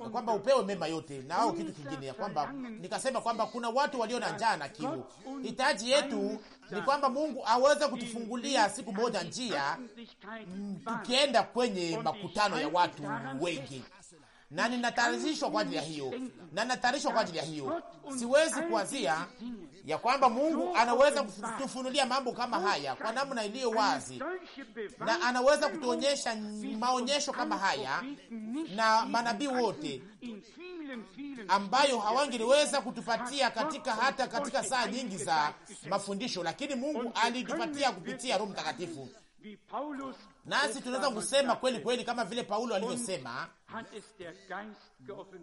ya kwamba upewe mema yote nao. Kitu kingine ya kwamba nikasema kwamba kuna watu walio na njaa na kiu. Hitaji yetu ni kwamba Mungu aweze kutufungulia siku moja njia,
mm, tukienda
kwenye makutano ya watu wengi na ninatarishwa kwa ajili ya hiyo, na ninatarishwa kwa ajili ya hiyo. Siwezi kuwazia ya kwamba Mungu anaweza kutufunulia mambo kama haya kwa namna iliyo wazi, na anaweza kutuonyesha maonyesho kama haya na manabii wote,
ambayo hawangeliweza
kutupatia katika hata katika saa nyingi za mafundisho, lakini Mungu alitupatia kupitia Roho Mtakatifu. Nasi tunaweza kusema kweli kweli kama vile Paulo alivyosema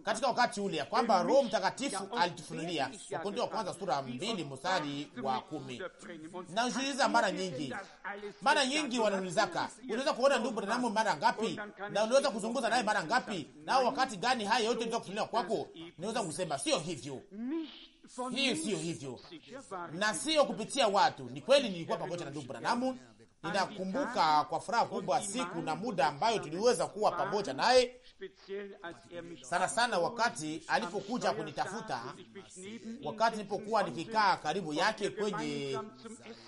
katika wakati ule ya kwamba Roho Mtakatifu alitufunulia. Wakorintho wa kwanza sura mbili mstari wa kumi. Naujiuliza mara nyingi, mara nyingi wanaulizaka, unaweza kuona ndugu Branham mara ngapi, na unaweza kuzungumza naye mara ngapi, na wakati gani haya yote ndio kufunuliwa kwako? Niweza kusema sio hivyo, hiyo siyo hivyo, na siyo kupitia watu. Ni kweli nilikuwa pamoja na ndugu Branham Ninakumbuka kwa furaha kubwa siku na muda ambayo tuliweza kuwa pamoja naye Er sana sana wakati alipokuja kunitafuta, wakati nilipokuwa nikikaa karibu yake kwenye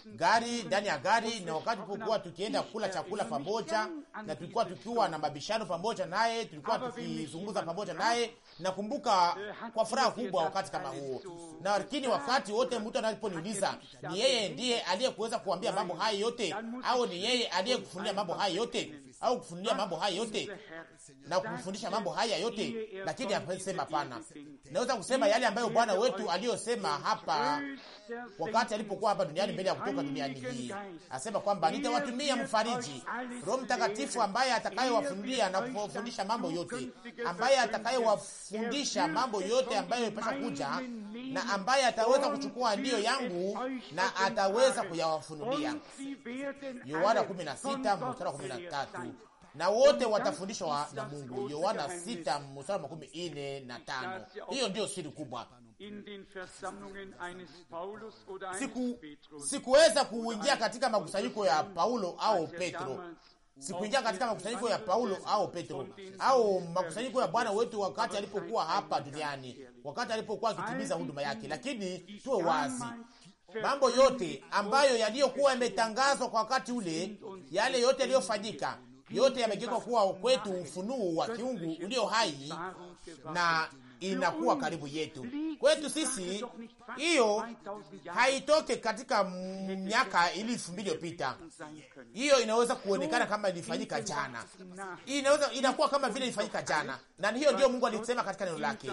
gari, ndani ya gari, na wakati ipokuwa tukienda kula chakula pamoja, na tulikuwa tukiwa na mabishano pamoja naye, tulikuwa tukizungumza pamoja naye. Nakumbuka eh, kwa furaha kubwa wakati kama huo, na lakini ah, wakati wote mtu anaponiuliza ni yeye ndiye aliyekuweza kuambia mambo haya yote, au ni yeye aliyekufunulia mambo haya yote au kufunulia mambo haya yote na kufundisha mambo haya yote, lakini asema pana. Naweza kusema yale ambayo Bwana wetu aliyosema hapa wakati alipokuwa hapa duniani mbele ya kutoka duniani hii. Asema kwamba nitawatumia mfariji, Roho Mtakatifu ambaye atakayewafundia na kuwafundisha mambo yote, ambaye atakayewafundisha mambo yote ambayo imepasha kuja, na ambaye ataweza kuchukua ndiyo yangu na ataweza kuyawafunulia. Yohana 16 mstari 13 na wote watafundishwa na Mungu. Yohana 6 mstari makumi ine na tano. Hiyo ndiyo siri kubwa. Siku, sikuweza kuingia katika makusanyiko ya Paulo au er Petro, sikuingia katika makusanyiko ya Paulo au Petro au makusanyiko ya Bwana wetu wakati alipokuwa hapa duniani, wakati alipokuwa akitimiza huduma yake. Lakini tuwe wazi, er mambo yote ambayo yaliyokuwa yametangazwa kwa wakati ule, yale yote yaliyofanyika, yote yamegeuka kuwa kwetu ufunuo wa kiungu ulio hai na inakuwa karibu yetu. Kwetu sisi
hiyo haitoke
katika miaka elfu mbili iliyopita. Hiyo inaweza kuonekana kama ilifanyika jana, inaweza inakuwa kama vile ilifanyika jana, na hiyo ndiyo Mungu alisema katika neno lake,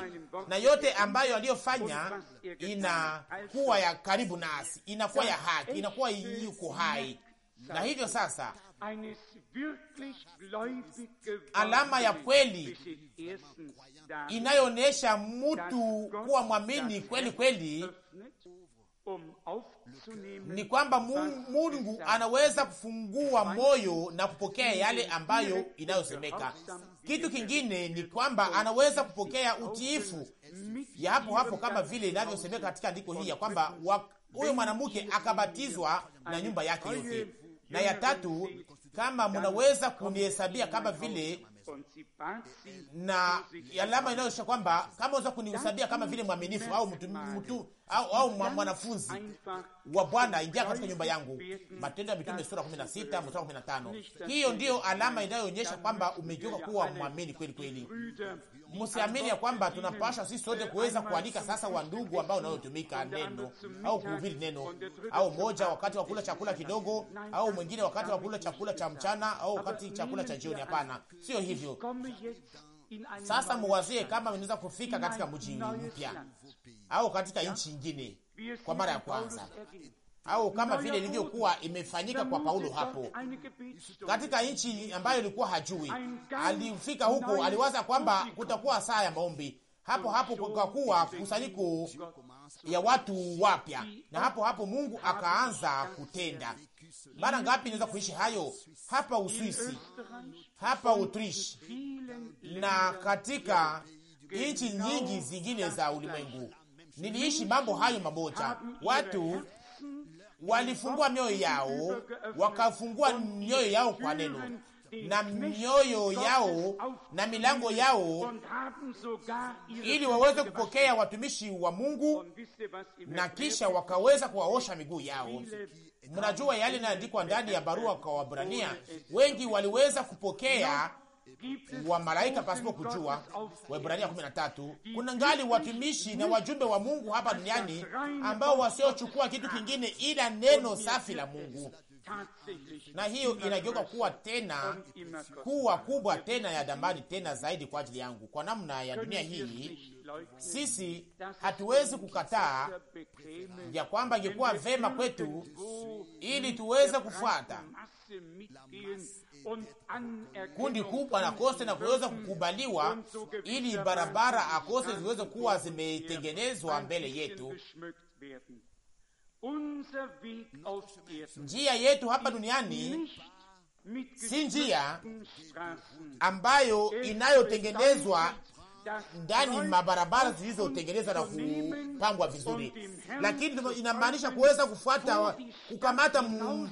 na yote ambayo aliyofanya inakuwa ya karibu nasi, inakuwa ya haki, inakuwa yuko hai, na hivyo sasa
alama ya kweli
inayoonyesha mtu kuwa mwamini kweli kweli ni kwamba Mungu anaweza kufungua moyo na kupokea yale ambayo inayosemeka. Kitu kingine ni kwamba anaweza kupokea utiifu ya hapo hapo, kama vile inavyosemeka katika andiko hii ya kwamba huyo mwanamke akabatizwa na nyumba yake yote. Na ya tatu, kama munaweza kunihesabia kama vile na alama inayoonyesha kwamba kama unaweza kunihesabia kama vile mwaminifu au mtu, mtu au, au mwanafunzi wa Bwana, ingia katika nyumba yangu. Matendo ya Mitume sura 16 mstari 15. Hiyo ndiyo alama inayoonyesha kwamba umegeuka kuwa mwamini kweli kweli. Msiamini ya kwamba tunapasha sisi sote kuweza kualika sasa wandugu ambao unayotumika neno au kuhubiri neno, au moja wakati wa kula chakula kidogo, au mwingine wakati wa kula chakula cha mchana, au wakati chakula cha jioni. Hapana, sio hivyo.
Sasa muwazie kama
mnaweza kufika katika mji mpya au katika nchi nyingine kwa mara ya kwanza, au kama vile ilivyokuwa imefanyika kwa Paulo hapo
katika nchi
ambayo ilikuwa hajui. Alifika huko, aliwaza kwamba kutakuwa saa ya maombi hapo hapo, kwa kuwa kusanyiko ya watu wapya, na hapo hapo Mungu akaanza kutenda. Mara ngapi inaweza kuishi hayo hapa Uswisi, hapa utrish na katika nchi nyingi zingine za ulimwengu. Niliishi mambo hayo mamoja. Watu walifungua mioyo yao, wakafungua mioyo yao kwa neno na mioyo yao na milango yao, ili waweze kupokea watumishi wa Mungu, na kisha wakaweza kuwaosha miguu yao. Mnajua yale inayoandikwa ndani ya barua kwa Wabrania, wengi waliweza kupokea wa malaika pasipo kujua, Waebrania 13. Kuna ngali watumishi na wajumbe wa Mungu hapa duniani ambao wasiochukua kitu kingine ila neno safi la Mungu, na hiyo inageuka kuwa tena kuwa kubwa tena ya dambani tena zaidi kwa ajili yangu kwa namna ya dunia hii sisi hatuwezi kukataa ya kwamba ingekuwa vema kwetu ili tuweze kufuata
kundi kubwa
na kose na kuweza kukubaliwa, ili barabara akose ziweze kuwa zimetengenezwa mbele yetu.
Njia yetu
hapa duniani si njia ambayo inayotengenezwa ndani mabarabara zilizotengeneza na kupangwa vizuri, lakini inamaanisha kuweza kufuata kukamata m,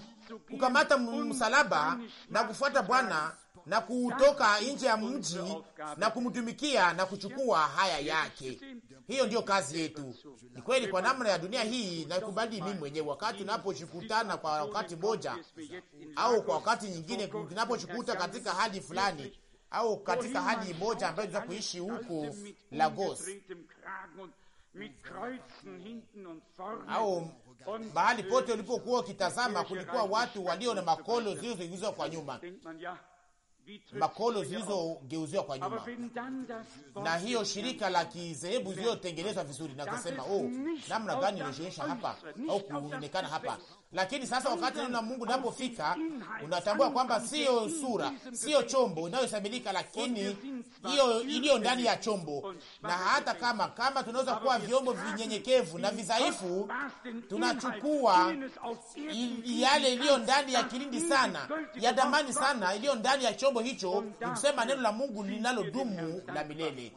kukamata msalaba na kufuata Bwana na kutoka nje ya mji na kumtumikia na kuchukua haya yake. Hiyo ndiyo kazi yetu. Ni kweli kwa namna ya dunia hii nakubali mimi mwenyewe, wakati unaposhikutana kwa wakati moja au kwa wakati nyingine, unapojikuta katika hali fulani au katika hali moja ambayo tunaweza kuishi huko Lagos
au mahali pote
ulipokuwa ukitazama, kulikuwa watu walio na makolo zilizogeuziwa kwa nyuma, makolo zilizogeuziwa kwa nyuma, na hiyo shirika la kizehebu zilizotengenezwa vizuri na kusema oh, namna gani inajionyesha hapa au kuonekana hapa, lakini sasa wakati neno la Mungu linapofika, unatambua kwamba siyo sura, siyo chombo inayosamilika, lakini hiyo iliyo ndani ya chombo. Na hata kama kama tunaweza kuwa vyombo vinyenyekevu na vidhaifu, tunachukua
yale iliyo
ndani ya kilindi sana ya damani sana iliyo ndani ya chombo hicho, kusema neno la Mungu linalodumu la milele.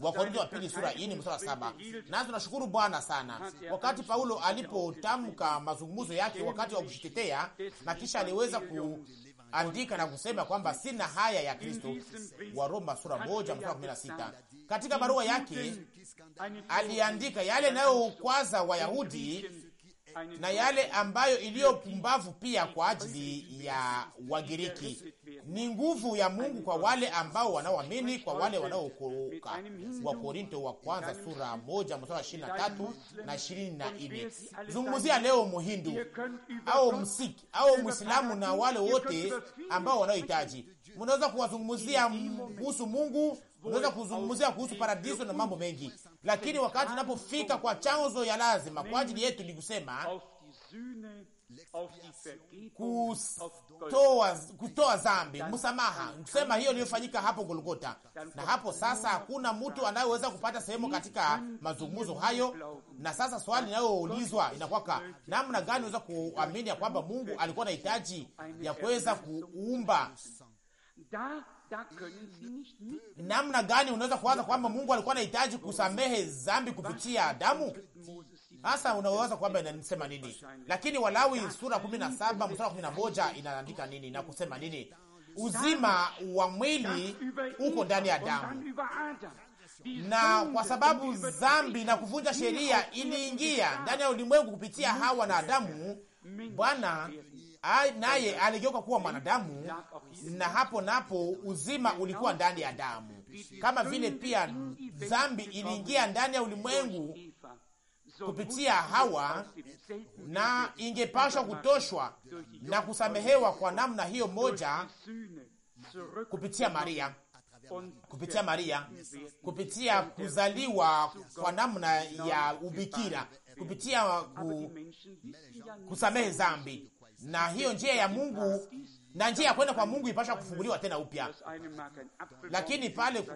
Wakorintho wa pili sura hii ni mstari wa saba. Na tunashukuru Bwana sana, wakati Paulo alipotamka mazungumzo yake wakati wa kujitetea, na kisha aliweza kuandika na kusema kwamba sina haya ya Kristo, wa Roma sura moja mstari kumi na sita. Katika barua yake aliandika yale yanayokwaza Wayahudi na yale ambayo iliyopumbavu pia kwa ajili ya Wagiriki ni nguvu ya Mungu kwa wale ambao wanaoamini, kwa wale wanaookoka. Wa Korinto wa kwanza sura moja mstari ishirini na tatu na ishirini na nne. Zungumzia leo Muhindu au Msiki au Mwislamu na wale wote ambao wanaohitaji, munaweza kuwazungumzia kuhusu Mungu, unaweza kuzungumzia kuhusu paradiso na mambo mengi, lakini wakati unapofika kwa chanzo ya lazima kwa ajili yetu ni kusema kutoa, kutoa zambi, msamaha, kusema hiyo iliyofanyika hapo Golgota. Na hapo sasa hakuna mtu anayeweza kupata sehemu katika mazungumzo hayo. Na sasa swali inayoulizwa inakwaka namna gani naweza kuamini ya kwamba Mungu alikuwa na hitaji ya kuweza kuumba namna gani unaweza kuwaza kwamba Mungu alikuwa anahitaji kusamehe zambi kupitia damu? hasa unaweza kwamba inasema nini, lakini Walawi sura 17 mstari 11 inaandika nini na kusema nini? Uzima wa mwili uko ndani ya damu, na kwa sababu dhambi na kuvunja sheria iliingia ndani ya ulimwengu kupitia Hawa na Adamu, Bwana naye aligeuka kuwa mwanadamu, na hapo napo uzima ulikuwa ndani ya damu, kama vile pia dhambi iliingia ndani ya ulimwengu kupitia hawa, na ingepashwa kutoshwa na kusamehewa kwa namna hiyo moja kupitia Maria, kupitia Maria, kupitia kuzaliwa kwa namna ya ubikira, kupitia ku, kusamehe zambi, na hiyo njia ya Mungu na njia ya kwenda kwa Mungu ipasha kufunguliwa tena upya,
lakini pale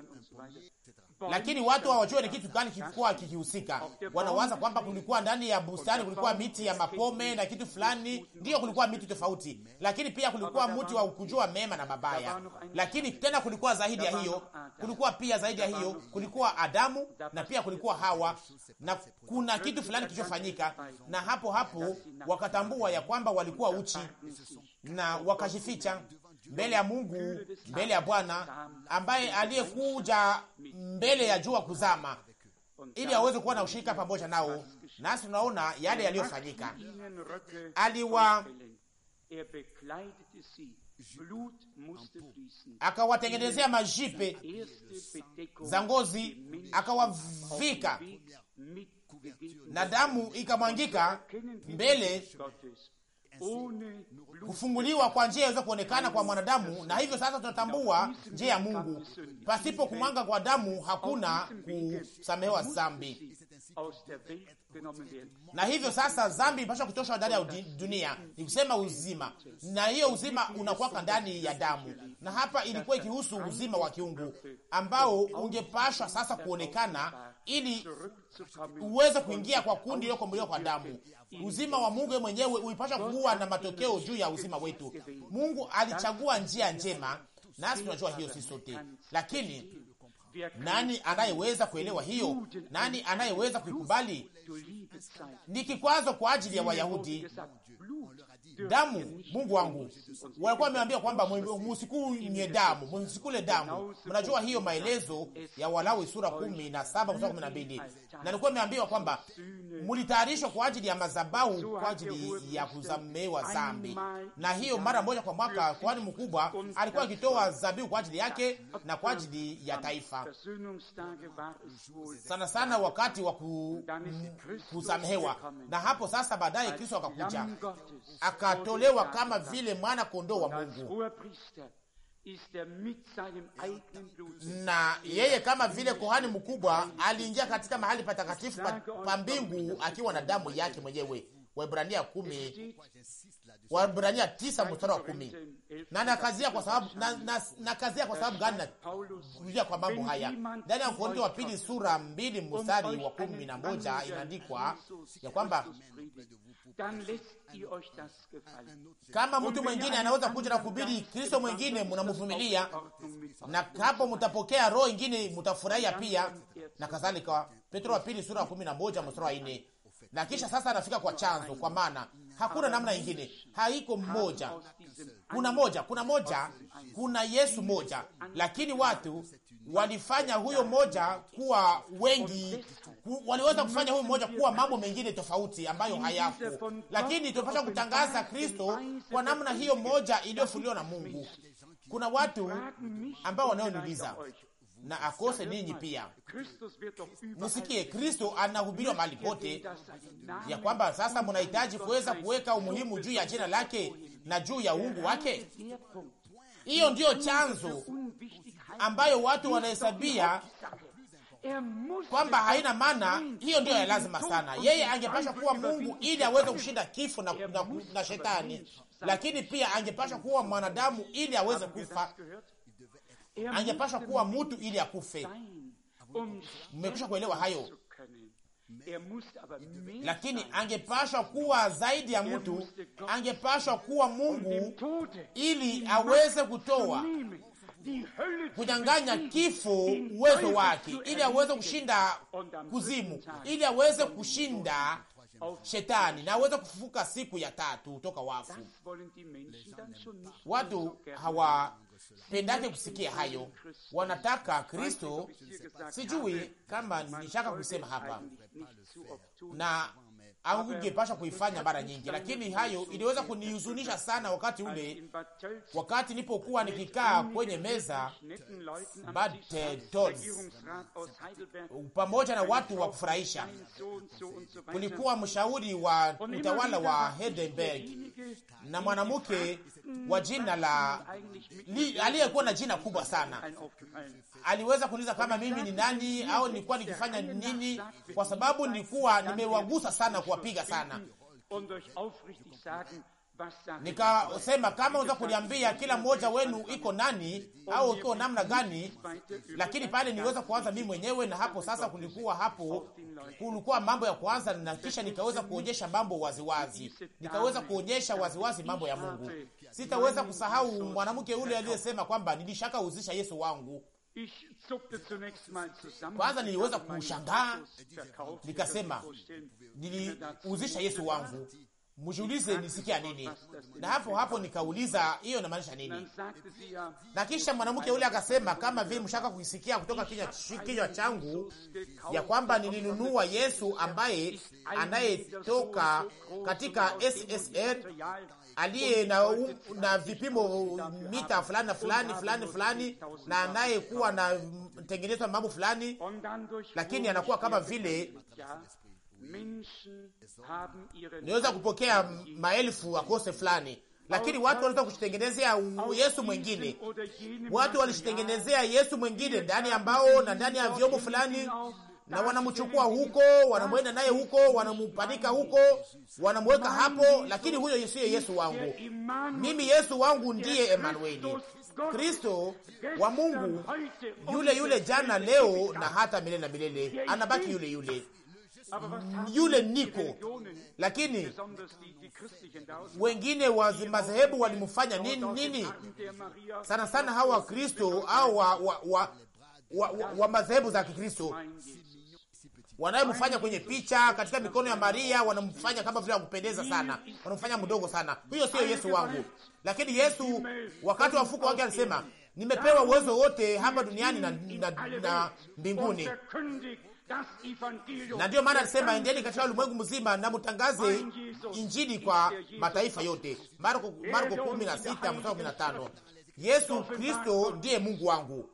lakini
watu hawajua ni kitu gani kilikuwa kikihusika. Wanawaza kwamba kulikuwa ndani ya bustani kulikuwa miti ya mapome na kitu fulani, ndiyo kulikuwa miti tofauti, lakini pia kulikuwa mti wa kujua mema na mabaya. Lakini tena kulikuwa zaidi ya hiyo, kulikuwa pia zaidi ya hiyo, kulikuwa Adamu na pia kulikuwa Hawa, na kuna kitu fulani kilichofanyika, na hapo hapo wakatambua ya kwamba walikuwa uchi na wakajificha mbele ya Mungu, mbele ya Bwana ambaye aliyekuja mbele ya jua kuzama ili aweze kuwa na ushirika pamoja nao. Nasi tunaona yale yaliyofanyika,
aliwa akawatengenezea majipe za ngozi,
akawavika
na damu
ikamwangika mbele kufunguliwa kwa njia iweze kuonekana kwa mwanadamu, na hivyo sasa tunatambua njia ya Mungu. Pasipo kumwanga kwa damu hakuna kusamehewa zambi, na hivyo sasa zambi ipasha kutoshwa ndani ya dunia, ni kusema uzima, na hiyo uzima unakuwaka ndani ya damu. Na hapa ilikuwa ikihusu uzima wa kiungu ambao ungepashwa sasa kuonekana ili uweze kuingia kwa kundi iliyokombolewa kwa damu Uzima wa Mungu mwenyewe uipasha kuwa na matokeo juu ya uzima wetu. Mungu alichagua njia njema, nasi tunajua hiyo sisi sote, lakini nani anayeweza kuelewa hiyo? Nani anayeweza kuikubali? Ni kikwazo kwa ajili ya Wayahudi damu. Mungu wangu, walikuwa wameambia kwamba musikunye damu, musikule damu. Mnajua hiyo maelezo ya Walawi sura kumi na saba mstari kumi na mbili na nilikuwa nimeambiwa kwamba mulitayarishwa kwa ajili ya madhabahu kwa ajili ya kuzamewa zambi, na hiyo mara moja kwa mwaka kuhani mkubwa alikuwa akitoa zabihu kwa ajili yake na kwa ajili ya taifa, sana sana wakati wa kuzamehewa. Na hapo sasa baadaye Kristo akakuja
akatolewa kama vile
mwana kondoo wa Mungu er na yeye kama vile kohani mkubwa aliingia katika mahali patakatifu pa, pa mbingu akiwa na damu yake mwenyewe. Waibrania kumi, Waibrania tisa mstari wa kumi. Na nakazia kwa sababu na, na, nakazia kwa sababu gani nakuja kwa mambo haya? Ndani ya Wakorintho wa pili sura mbili mstari wa kumi na moja inaandikwa ya kwamba
kama mtu mwingine
anaweza kuja na kuhubiri Kristo mwingine mnamvumilia na hapo mtapokea roho ingine, mtafurahia pia na kadhalika. Petro wa pili sura ya kumi na moja mstari wa nne na kisha sasa anafika kwa chanzo, kwa maana hakuna namna ingine, haiko mmoja. Kuna moja, kuna moja, kuna Yesu moja, lakini watu walifanya huyo moja kuwa wengi, waliweza kufanya huyo moja kuwa mambo mengine tofauti ambayo hayako, lakini tunapasha kutangaza Kristo kwa namna hiyo moja iliyofunuliwa na Mungu. Kuna watu ambao wanayoniuliza na akose ninyi pia. Musikie, Kristo anahubiriwa mahali pote, ya kwamba sasa mnahitaji kuweza kuweka umuhimu juu ya jina lake na juu ya uungu wake. Hiyo ndiyo chanzo ambayo watu wanahesabia kwamba haina maana. Hiyo ndiyo ya lazima sana. Yeye angepasha kuwa Mungu ili aweze kushinda kifo na, na, na shetani, lakini pia angepasha kuwa mwanadamu ili aweze kufa angepashwa kuwa mutu ili akufe. Mmekwisha kuelewa hayo, lakini angepashwa kuwa zaidi ya mtu, angepashwa kuwa Mungu ili aweze kutoa kunyang'anya kifo uwezo wake, ili aweze kushinda kuzimu, ili aweze kushinda shetani na aweze kufufuka siku ya tatu toka wafu.
Watu hawa Napendaje kusikia hayo,
wanataka Kristo. Sijui kama nishaka kusema hapa na au kuifanya mara nyingi, lakini hayo iliweza kunihuzunisha sana wakati ule, wakati nilipokuwa nikikaa kwenye meza Battles pamoja na watu wa kufurahisha. Kulikuwa mshauri wa utawala wa Hedenberg na mwanamke wa jina la aliyekuwa na jina kubwa sana, aliweza kuniuliza kama mimi ni nani au nilikuwa nikifanya nini, kwa sababu nilikuwa nimewagusa sana kwa kuwapiga sana. Nikasema, kama unaweza kuniambia kila mmoja wenu iko nani au iko namna gani, lakini pale niliweza kuanza mimi mwenyewe, na hapo sasa kulikuwa hapo kulikuwa mambo ya kwanza, na kisha nikaweza kuonyesha mambo waziwazi, nikaweza kuonyesha waziwazi mambo ya Mungu. Sitaweza kusahau mwanamke ule aliyesema kwamba nilishaka uzisha Yesu wangu kwanza niliweza kushangaa, nikasema niliuzisha Yesu wangu. Mjiulize nisikia nini, na hapo hapo nikauliza hiyo inamaanisha nini? Na kisha mwanamke yule akasema, kama vile mshaka kuisikia kutoka kinywa changu ya kwamba nilinunua Yesu ambaye anayetoka katika SSR aliye na, na vipimo mita fulani na fulani fulani fulani na anayekuwa na tengenezwa mambo fulani, lakini anakuwa kama vile niweza kupokea maelfu akose fulani lakini watu waliweza kushitengenezea Yesu mwengine, watu walishitengenezea Yesu mwengine ndani ambao na ndani ya vyombo fulani na wanamchukua huko, wanamwenda naye huko, wanamupanika huko, wanamweka hapo, lakini huyo siyo Yesu wangu. Mimi Yesu wangu ndiye Emanueli, Kristo wa Mungu, yule yule jana, leo na hata milele na milele, anabaki yule yule
mm, yule niko.
Lakini wengine wa madhehebu walimfanya nini nini? Sana sana hawa Wakristo au wa, wa, wa, wa, wa, wa madhehebu za Kikristo wanayemfanya kwenye picha katika mikono ya Maria, wanamfanya kama vile wakupendeza sana, wanamfanya mdogo sana. Huyo sio Yesu wangu. Lakini Yesu wakati wa ufufuko wake alisema, nimepewa uwezo wote hapa duniani na, na, na mbinguni.
Na ndiyo maana alisema, endeni katika
ulimwengu mzima na mtangaze injili kwa mataifa yote. Marko, 16 Yesu Kristo ndiye Mungu wangu.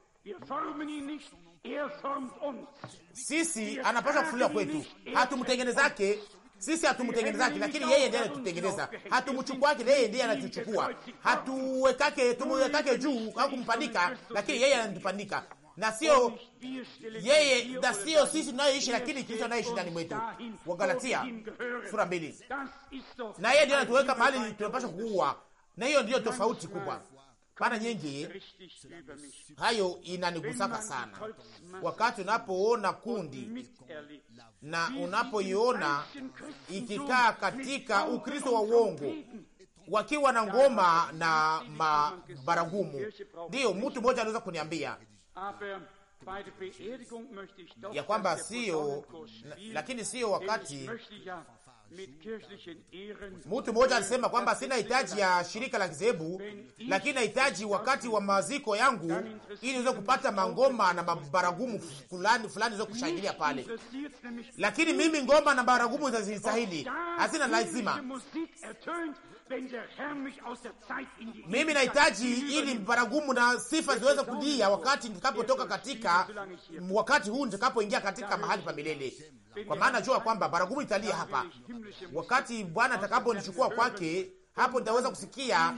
Sisi anapaswa kufunuliwa kwetu, hatumtengenezake sisi hatumtengenezake, lakini yeye ndiye anatutengeneza. Hatumchukuake, yeye ndiye anatuchukua. Hatuwekake, tumwekake juu au kumpandika, lakini yeye anatupandika, na sio
yeye, na sio sisi tunayoishi, lakini Kristo anayeishi ndani mwetu. Wagalatia sura mbili. Na yeye ndiye anatuweka
mahali tunapaswa kuua, na hiyo ndiyo tofauti kubwa. Mara nyingi hayo inanigusaka sana, wakati unapoona kundi na unapoiona
ikikaa
katika Ukristo wa uongo wakiwa na ngoma na mabaragumu. Ndiyo, mtu mmoja anaweza kuniambia
ya kwamba sio,
lakini siyo wakati
Mtu mmoja alisema kwamba sina hitaji ya
shirika la kizebu lakini nahitaji wakati wa maziko yangu, ili niweze kupata mangoma na mabaragumu fulani fulani za kushangilia pale. Lakini mimi ngoma na baragumu zazistahili, hazina lazima.
Mimi nahitaji ili
baragumu na sifa er ziweze kulia wakati nitakapotoka er katika wakati huu nitakapoingia katika mahali pa milele, kwa maana jua kwamba baragumu italia hapa wakati Bwana atakaponichukua kwake hapo nitaweza kusikia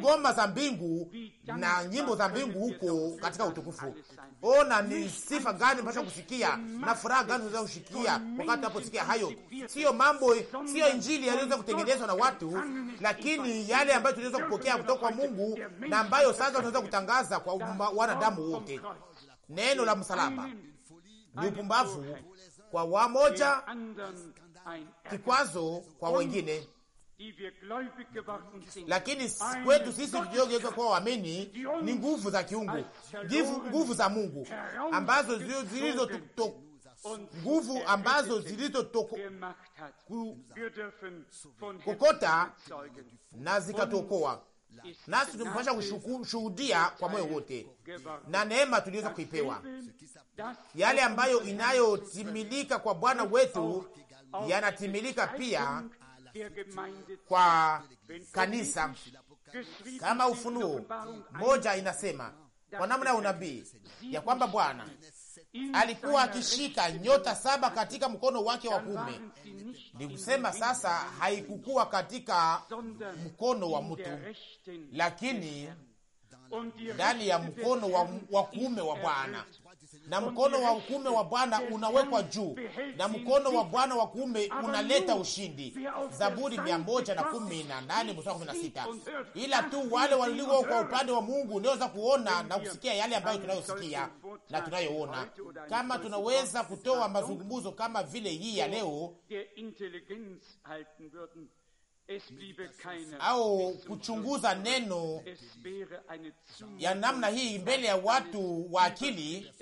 ngoma za mbingu na nyimbo za mbingu huko katika utukufu. Ona oh, ni sifa gani mpasha kusikia na furaha gani unaweza kushikia wakati unaposikia hayo. Sio mambo, sio injili yaliweza kutengenezwa na watu, lakini yale ambayo tuliweza kupokea kutoka kwa Mungu na ambayo sasa tunaweza kutangaza kwa wanadamu wote. Neno la msalaba ni upumbavu kwa wamoja,
kikwazo
kwa wengine
lakini kwetu sisi tuliogeuka
kuwa waamini ni nguvu za kiungu, nguvu za Mungu ambazo zilizo nguvu ambazo
kokota na zikatuokoa, nasi tumpasha
kushuhudia kwa moyo wote na neema tuliweza kuipewa. Yale ambayo inayotimilika kwa Bwana wetu yanatimilika pia kwa kanisa
kama Ufunuo
moja inasema kwa namna ya unabii ya kwamba Bwana alikuwa akishika nyota saba katika mkono wake wa kuume. Ni kusema sasa haikukuwa katika mkono wa mtu, lakini
ndani ya mkono wa,
wa kuume wa Bwana
na mkono wa ukume wa Bwana
unawekwa juu, na mkono wa Bwana wa kuume unaleta ushindi. Zaburi mia moja na kumi na nane mstari kumi na sita. Ila tu wale walio kwa upande wa Mungu unaweza kuona na kusikia yale ambayo tunayosikia na tunayoona. Kama tunaweza kutoa mazungumzo kama vile hii ya leo
au kuchunguza neno ya namna hii mbele ya
watu wa akili,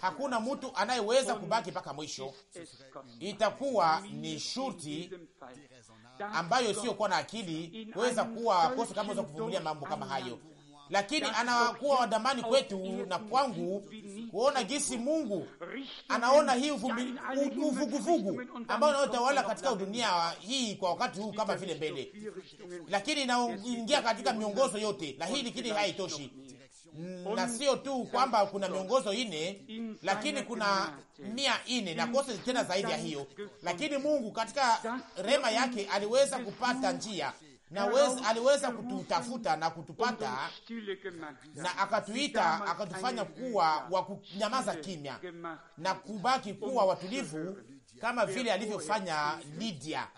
hakuna mtu anayeweza kubaki mpaka mwisho. Itakuwa ni shurti ambayo isiyokuwa na akili kuweza kuwa kosa kama weza kuvumilia mambo kama hayo lakini anakuwa wadamani kwetu na kwangu kuona jinsi Mungu anaona hii uvuguvugu ambayo unayotawala katika dunia hii kwa wakati huu kama vile mbele, lakini inaingia katika miongozo yote, na hii lakini haitoshi mm, na sio tu kwamba kuna miongozo ine, lakini kuna mia ine na kose tena zaidi ya hiyo. Lakini Mungu katika rema yake aliweza kupata njia na wezi, aliweza kututafuta na kutupata na akatuita akatufanya kuwa wa kunyamaza kimya na kubaki kuwa watulivu kama vile alivyofanya Lydia,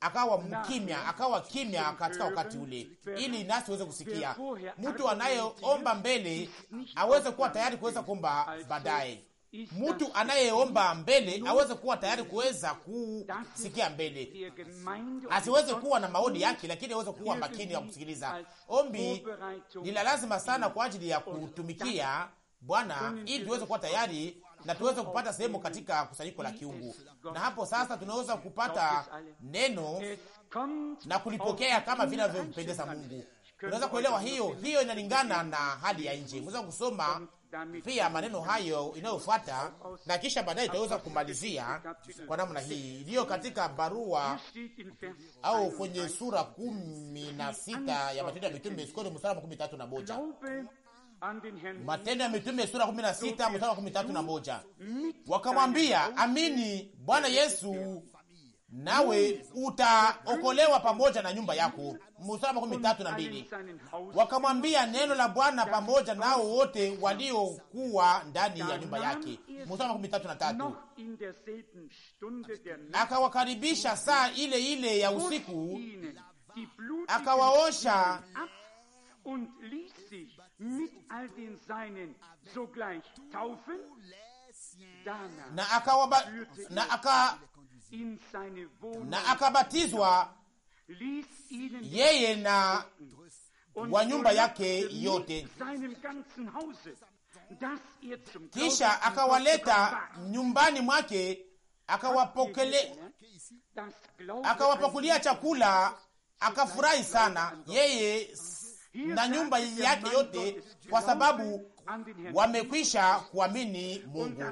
akawa mkimya, akawa kimya katika wakati ule, ili nasi tuweze kusikia. Mtu anayeomba mbele aweze kuwa tayari kuweza kuomba baadaye mtu anayeomba mbele aweze kuwa tayari kuweza kusikia mbele,
asiweze kuwa
na maoni yake, lakini aweze kuwa makini ya kusikiliza. Ombi
ni la lazima sana
kwa ajili ya kutumikia Bwana ili tuweze kuwa tayari na tuweze kupata sehemu katika kusanyiko la kiungu, na hapo sasa tunaweza kupata neno na kulipokea kama vinavyompendeza Mungu. Unaweza kuelewa hiyo, hiyo inalingana na hali ya nje. Unaweza kusoma pia maneno hayo inayofuata, na kisha baadaye itaweza kumalizia kwa namna hii iliyo katika barua au kwenye sura kumi na sita ya Matendo ya Mitume skori mstari makumi tatu na moja Matendo ya Mitume sura kumi na sita mstari makumi tatu na moja Wakamwambia, amini Bwana Yesu nawe utaokolewa pamoja na nyumba yako. Mstari makumi tatu na mbili, wakamwambia neno la Bwana pamoja nao wote waliokuwa ndani ya nyumba yake. Mstari makumi tatu na tatu, akawakaribisha saa ile ile ya usiku, akawaosha na akawaba, na er aka na akabatizwa
yeye na wa nyumba yake yote, kisha akawaleta
nyumbani mwake akawapokele
akawapakulia
chakula, akafurahi sana yeye na nyumba yake yote, kwa sababu wamekwisha kuamini Mungu.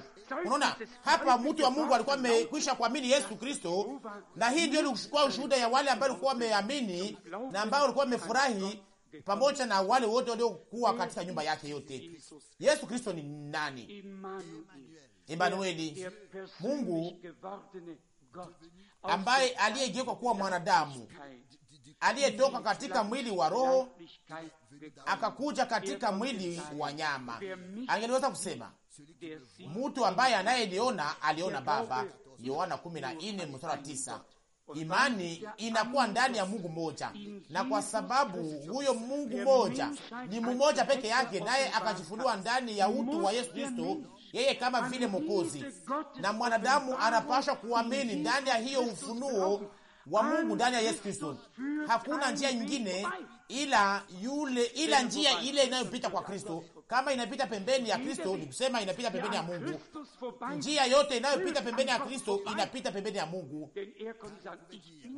Unaona hapa mtu wa Mungu alikuwa amekwisha kuamini Yesu Kristo, na hii ndio ilikuwa ushuhuda ya wale ambao walikuwa wameamini na ambao walikuwa wamefurahi pamoja na wale wote waliokuwa katika nyumba yake yote. Yesu Kristo ni nani?
Emanueli, Mungu
ambaye aliyegekwa kuwa mwanadamu aliyetoka katika mwili wa roho akakuja katika mwili wa nyama. Angeliweza kusema mtu ambaye anayeliona aliona Baba, Yohana 14:9. Imani inakuwa ndani ya Mungu mmoja, na kwa sababu huyo Mungu mmoja ni mmoja peke yake, naye akajifunua ndani ya utu wa Yesu Kristo, yeye kama vile Mwokozi, na mwanadamu anapashwa kuamini ndani ya hiyo ufunuo wa Mungu ndani ya Yesu Kristo. Hakuna njia nyingine ila yule ila njia ile inayopita kwa Kristo. Kama inapita pembeni ya Kristo, ni kusema inapita pembeni ya Mungu.
Njia yote inayopita pembeni ya
Kristo inapita pembeni ya Mungu,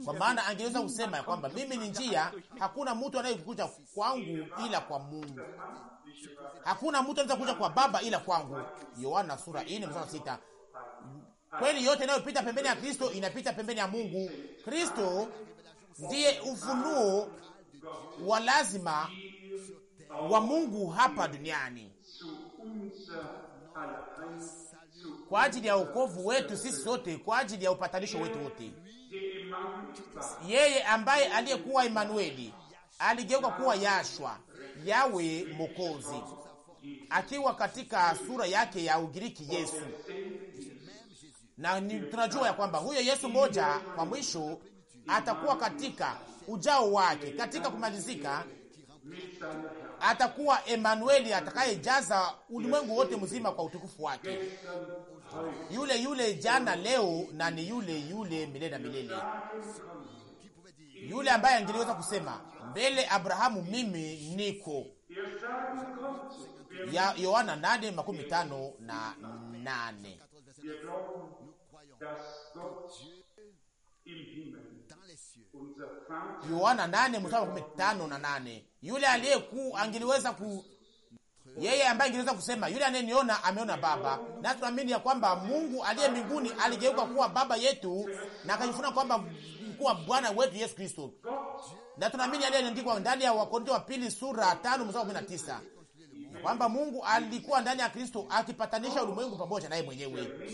kwa maana angeweza kusema ya kwamba mimi ni njia,
hakuna mtu anayekuja kwangu ila kwa Mungu, hakuna mtu anaweza kuja kwa Baba ila kwangu, Yohana sura 4 mstari 6. Kweli yote inayopita pembeni ya Kristo inapita pembeni ya Mungu. Kristo ndiye ufunuo wa lazima wa Mungu hapa duniani kwa ajili ya wokovu wetu sisi sote, kwa ajili ya upatanisho wetu wote. Yeye ambaye aliyekuwa Emanueli aligeuka kuwa Yashwa, yawe Mokozi, akiwa katika sura yake ya Ugiriki Yesu, na ni tunajua ya kwamba huyo Yesu moja kwa mwisho atakuwa katika ujao wake, katika kumalizika atakuwa Emanueli atakayejaza ulimwengu wote mzima kwa utukufu wake, yule yule jana, leo na ni yule yule milele na milele,
yule ambaye angeliweza
kusema mbele Abrahamu mimi niko,
ya Yohana
8:58.
Yohana nane mstari makumi
tano na nane. Yule aliyeku angeliweza ku yeye ambaye angeweza kusema yule anayeniona ameona Baba. Na tunaamini ya kwamba Mungu aliye mbinguni aligeuka kuwa Baba yetu na akajifuna kwamba kuwa Bwana wetu Yesu Kristo. Na tunaamini aliyeandikwa ndani ya Wakorintho wa pili sura 5 mstari wa 19 kwamba Mungu alikuwa ndani ya Kristo akipatanisha ulimwengu pamoja naye mwenyewe.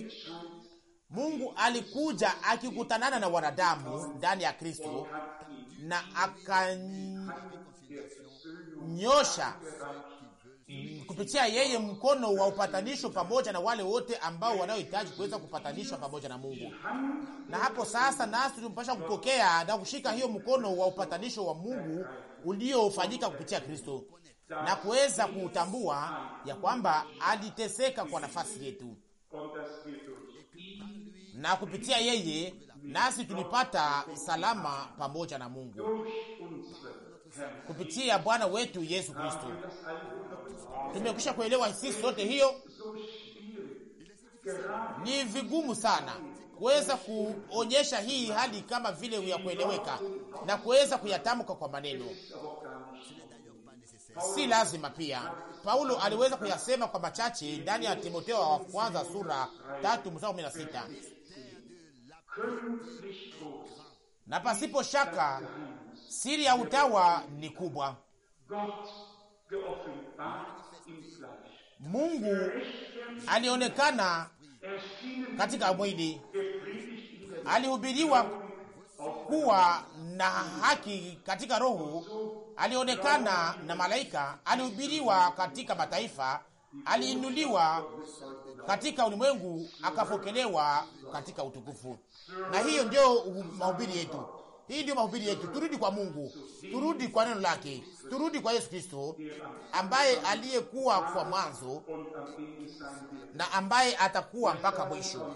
Mungu alikuja akikutanana na wanadamu ndani ya Kristo na
akanyosha
kupitia yeye mkono wa upatanisho pamoja na wale wote ambao wanaohitaji kuweza kupatanishwa pamoja na Mungu. Na hapo sasa, nasi tumpasha kupokea na kushika hiyo mkono wa upatanisho wa Mungu uliofanyika kupitia Kristo na kuweza kuutambua ya kwamba aliteseka kwa nafasi yetu na kupitia yeye nasi tulipata salama pamoja na Mungu kupitia Bwana wetu Yesu Kristo. Tumekwisha kuelewa sisi sote hiyo. Ni vigumu sana kuweza kuonyesha hii hali kama vile ya kueleweka na kuweza kuyatamka kwa maneno, si lazima pia. Paulo aliweza kuyasema kwa machache ndani ya Timotheo wa kwanza sura tatu mstari kumi na sita na pasipo shaka siri ya utawa ni kubwa. Mungu er
alionekana er katika mwili,
alihubiriwa kuwa na haki katika roho, alionekana na malaika, alihubiriwa katika mataifa aliinuliwa katika ulimwengu akapokelewa katika utukufu. Na hiyo ndio mahubiri yetu, hii ndio mahubiri yetu. Turudi kwa Mungu, turudi kwa neno lake, turudi kwa Yesu Kristo ambaye aliyekuwa kwa mwanzo na ambaye atakuwa mpaka mwisho,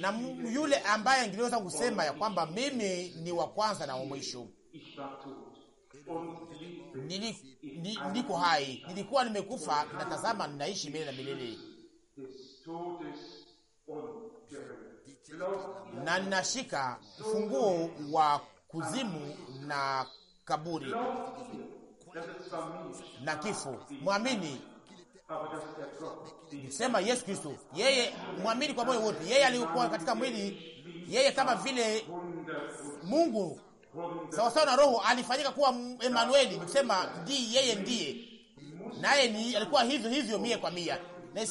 na yule ambaye angeliweza kusema ya kwamba mimi ni wa kwanza na wa mwisho nili, ni, niko hai, nilikuwa nimekufa, natazama ninaishi milele na milele, na ninashika funguo wa kuzimu na kaburi na kifo. Mwamini nisema Yesu Kristo, yeye mwamini kwa moyo wote, yeye alikuwa katika mwili, yeye kama vile Mungu sawa sawa na Roho alifanyika kuwa Emanueli, nikusema ndi yeye ndiye naye ni alikuwa hivyo hivyo mia kwa mia.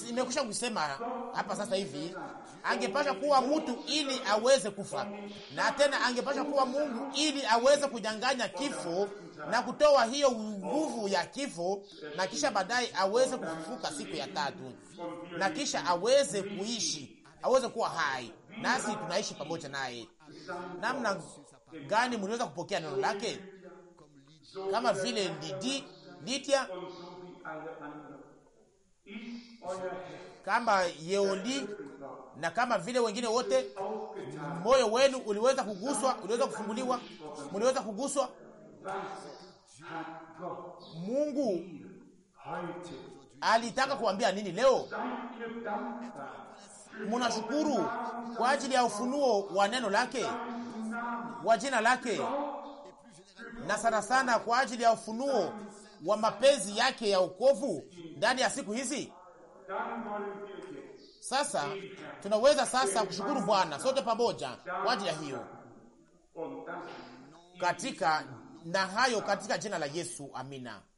Nimekusha kusema hapa sasa hivi, angepasha kuwa mtu ili aweze kufa na tena angepasha kuwa Mungu ili aweze kunyang'anya kifo na kutoa hiyo nguvu ya kifo, na kisha baadaye aweze kufufuka siku ya tatu, na kisha aweze kuishi, aweze kuwa hai, nasi tunaishi pamoja naye. Namna gani mliweza kupokea neno lake? Kama vile Lidi, Lidia, kama Yeoli na kama vile wengine wote, moyo wenu uliweza kuguswa, uliweza kufunguliwa, mliweza kuguswa. Mungu alitaka kuambia nini leo? Munashukuru kwa ajili ya ufunuo wa neno lake wa jina lake na sana sana kwa ajili ya ufunuo wa mapenzi yake ya ukovu ndani ya siku hizi. Sasa tunaweza sasa kushukuru Bwana sote pamoja kwa ajili ya hiyo katika na hayo katika jina la Yesu, amina.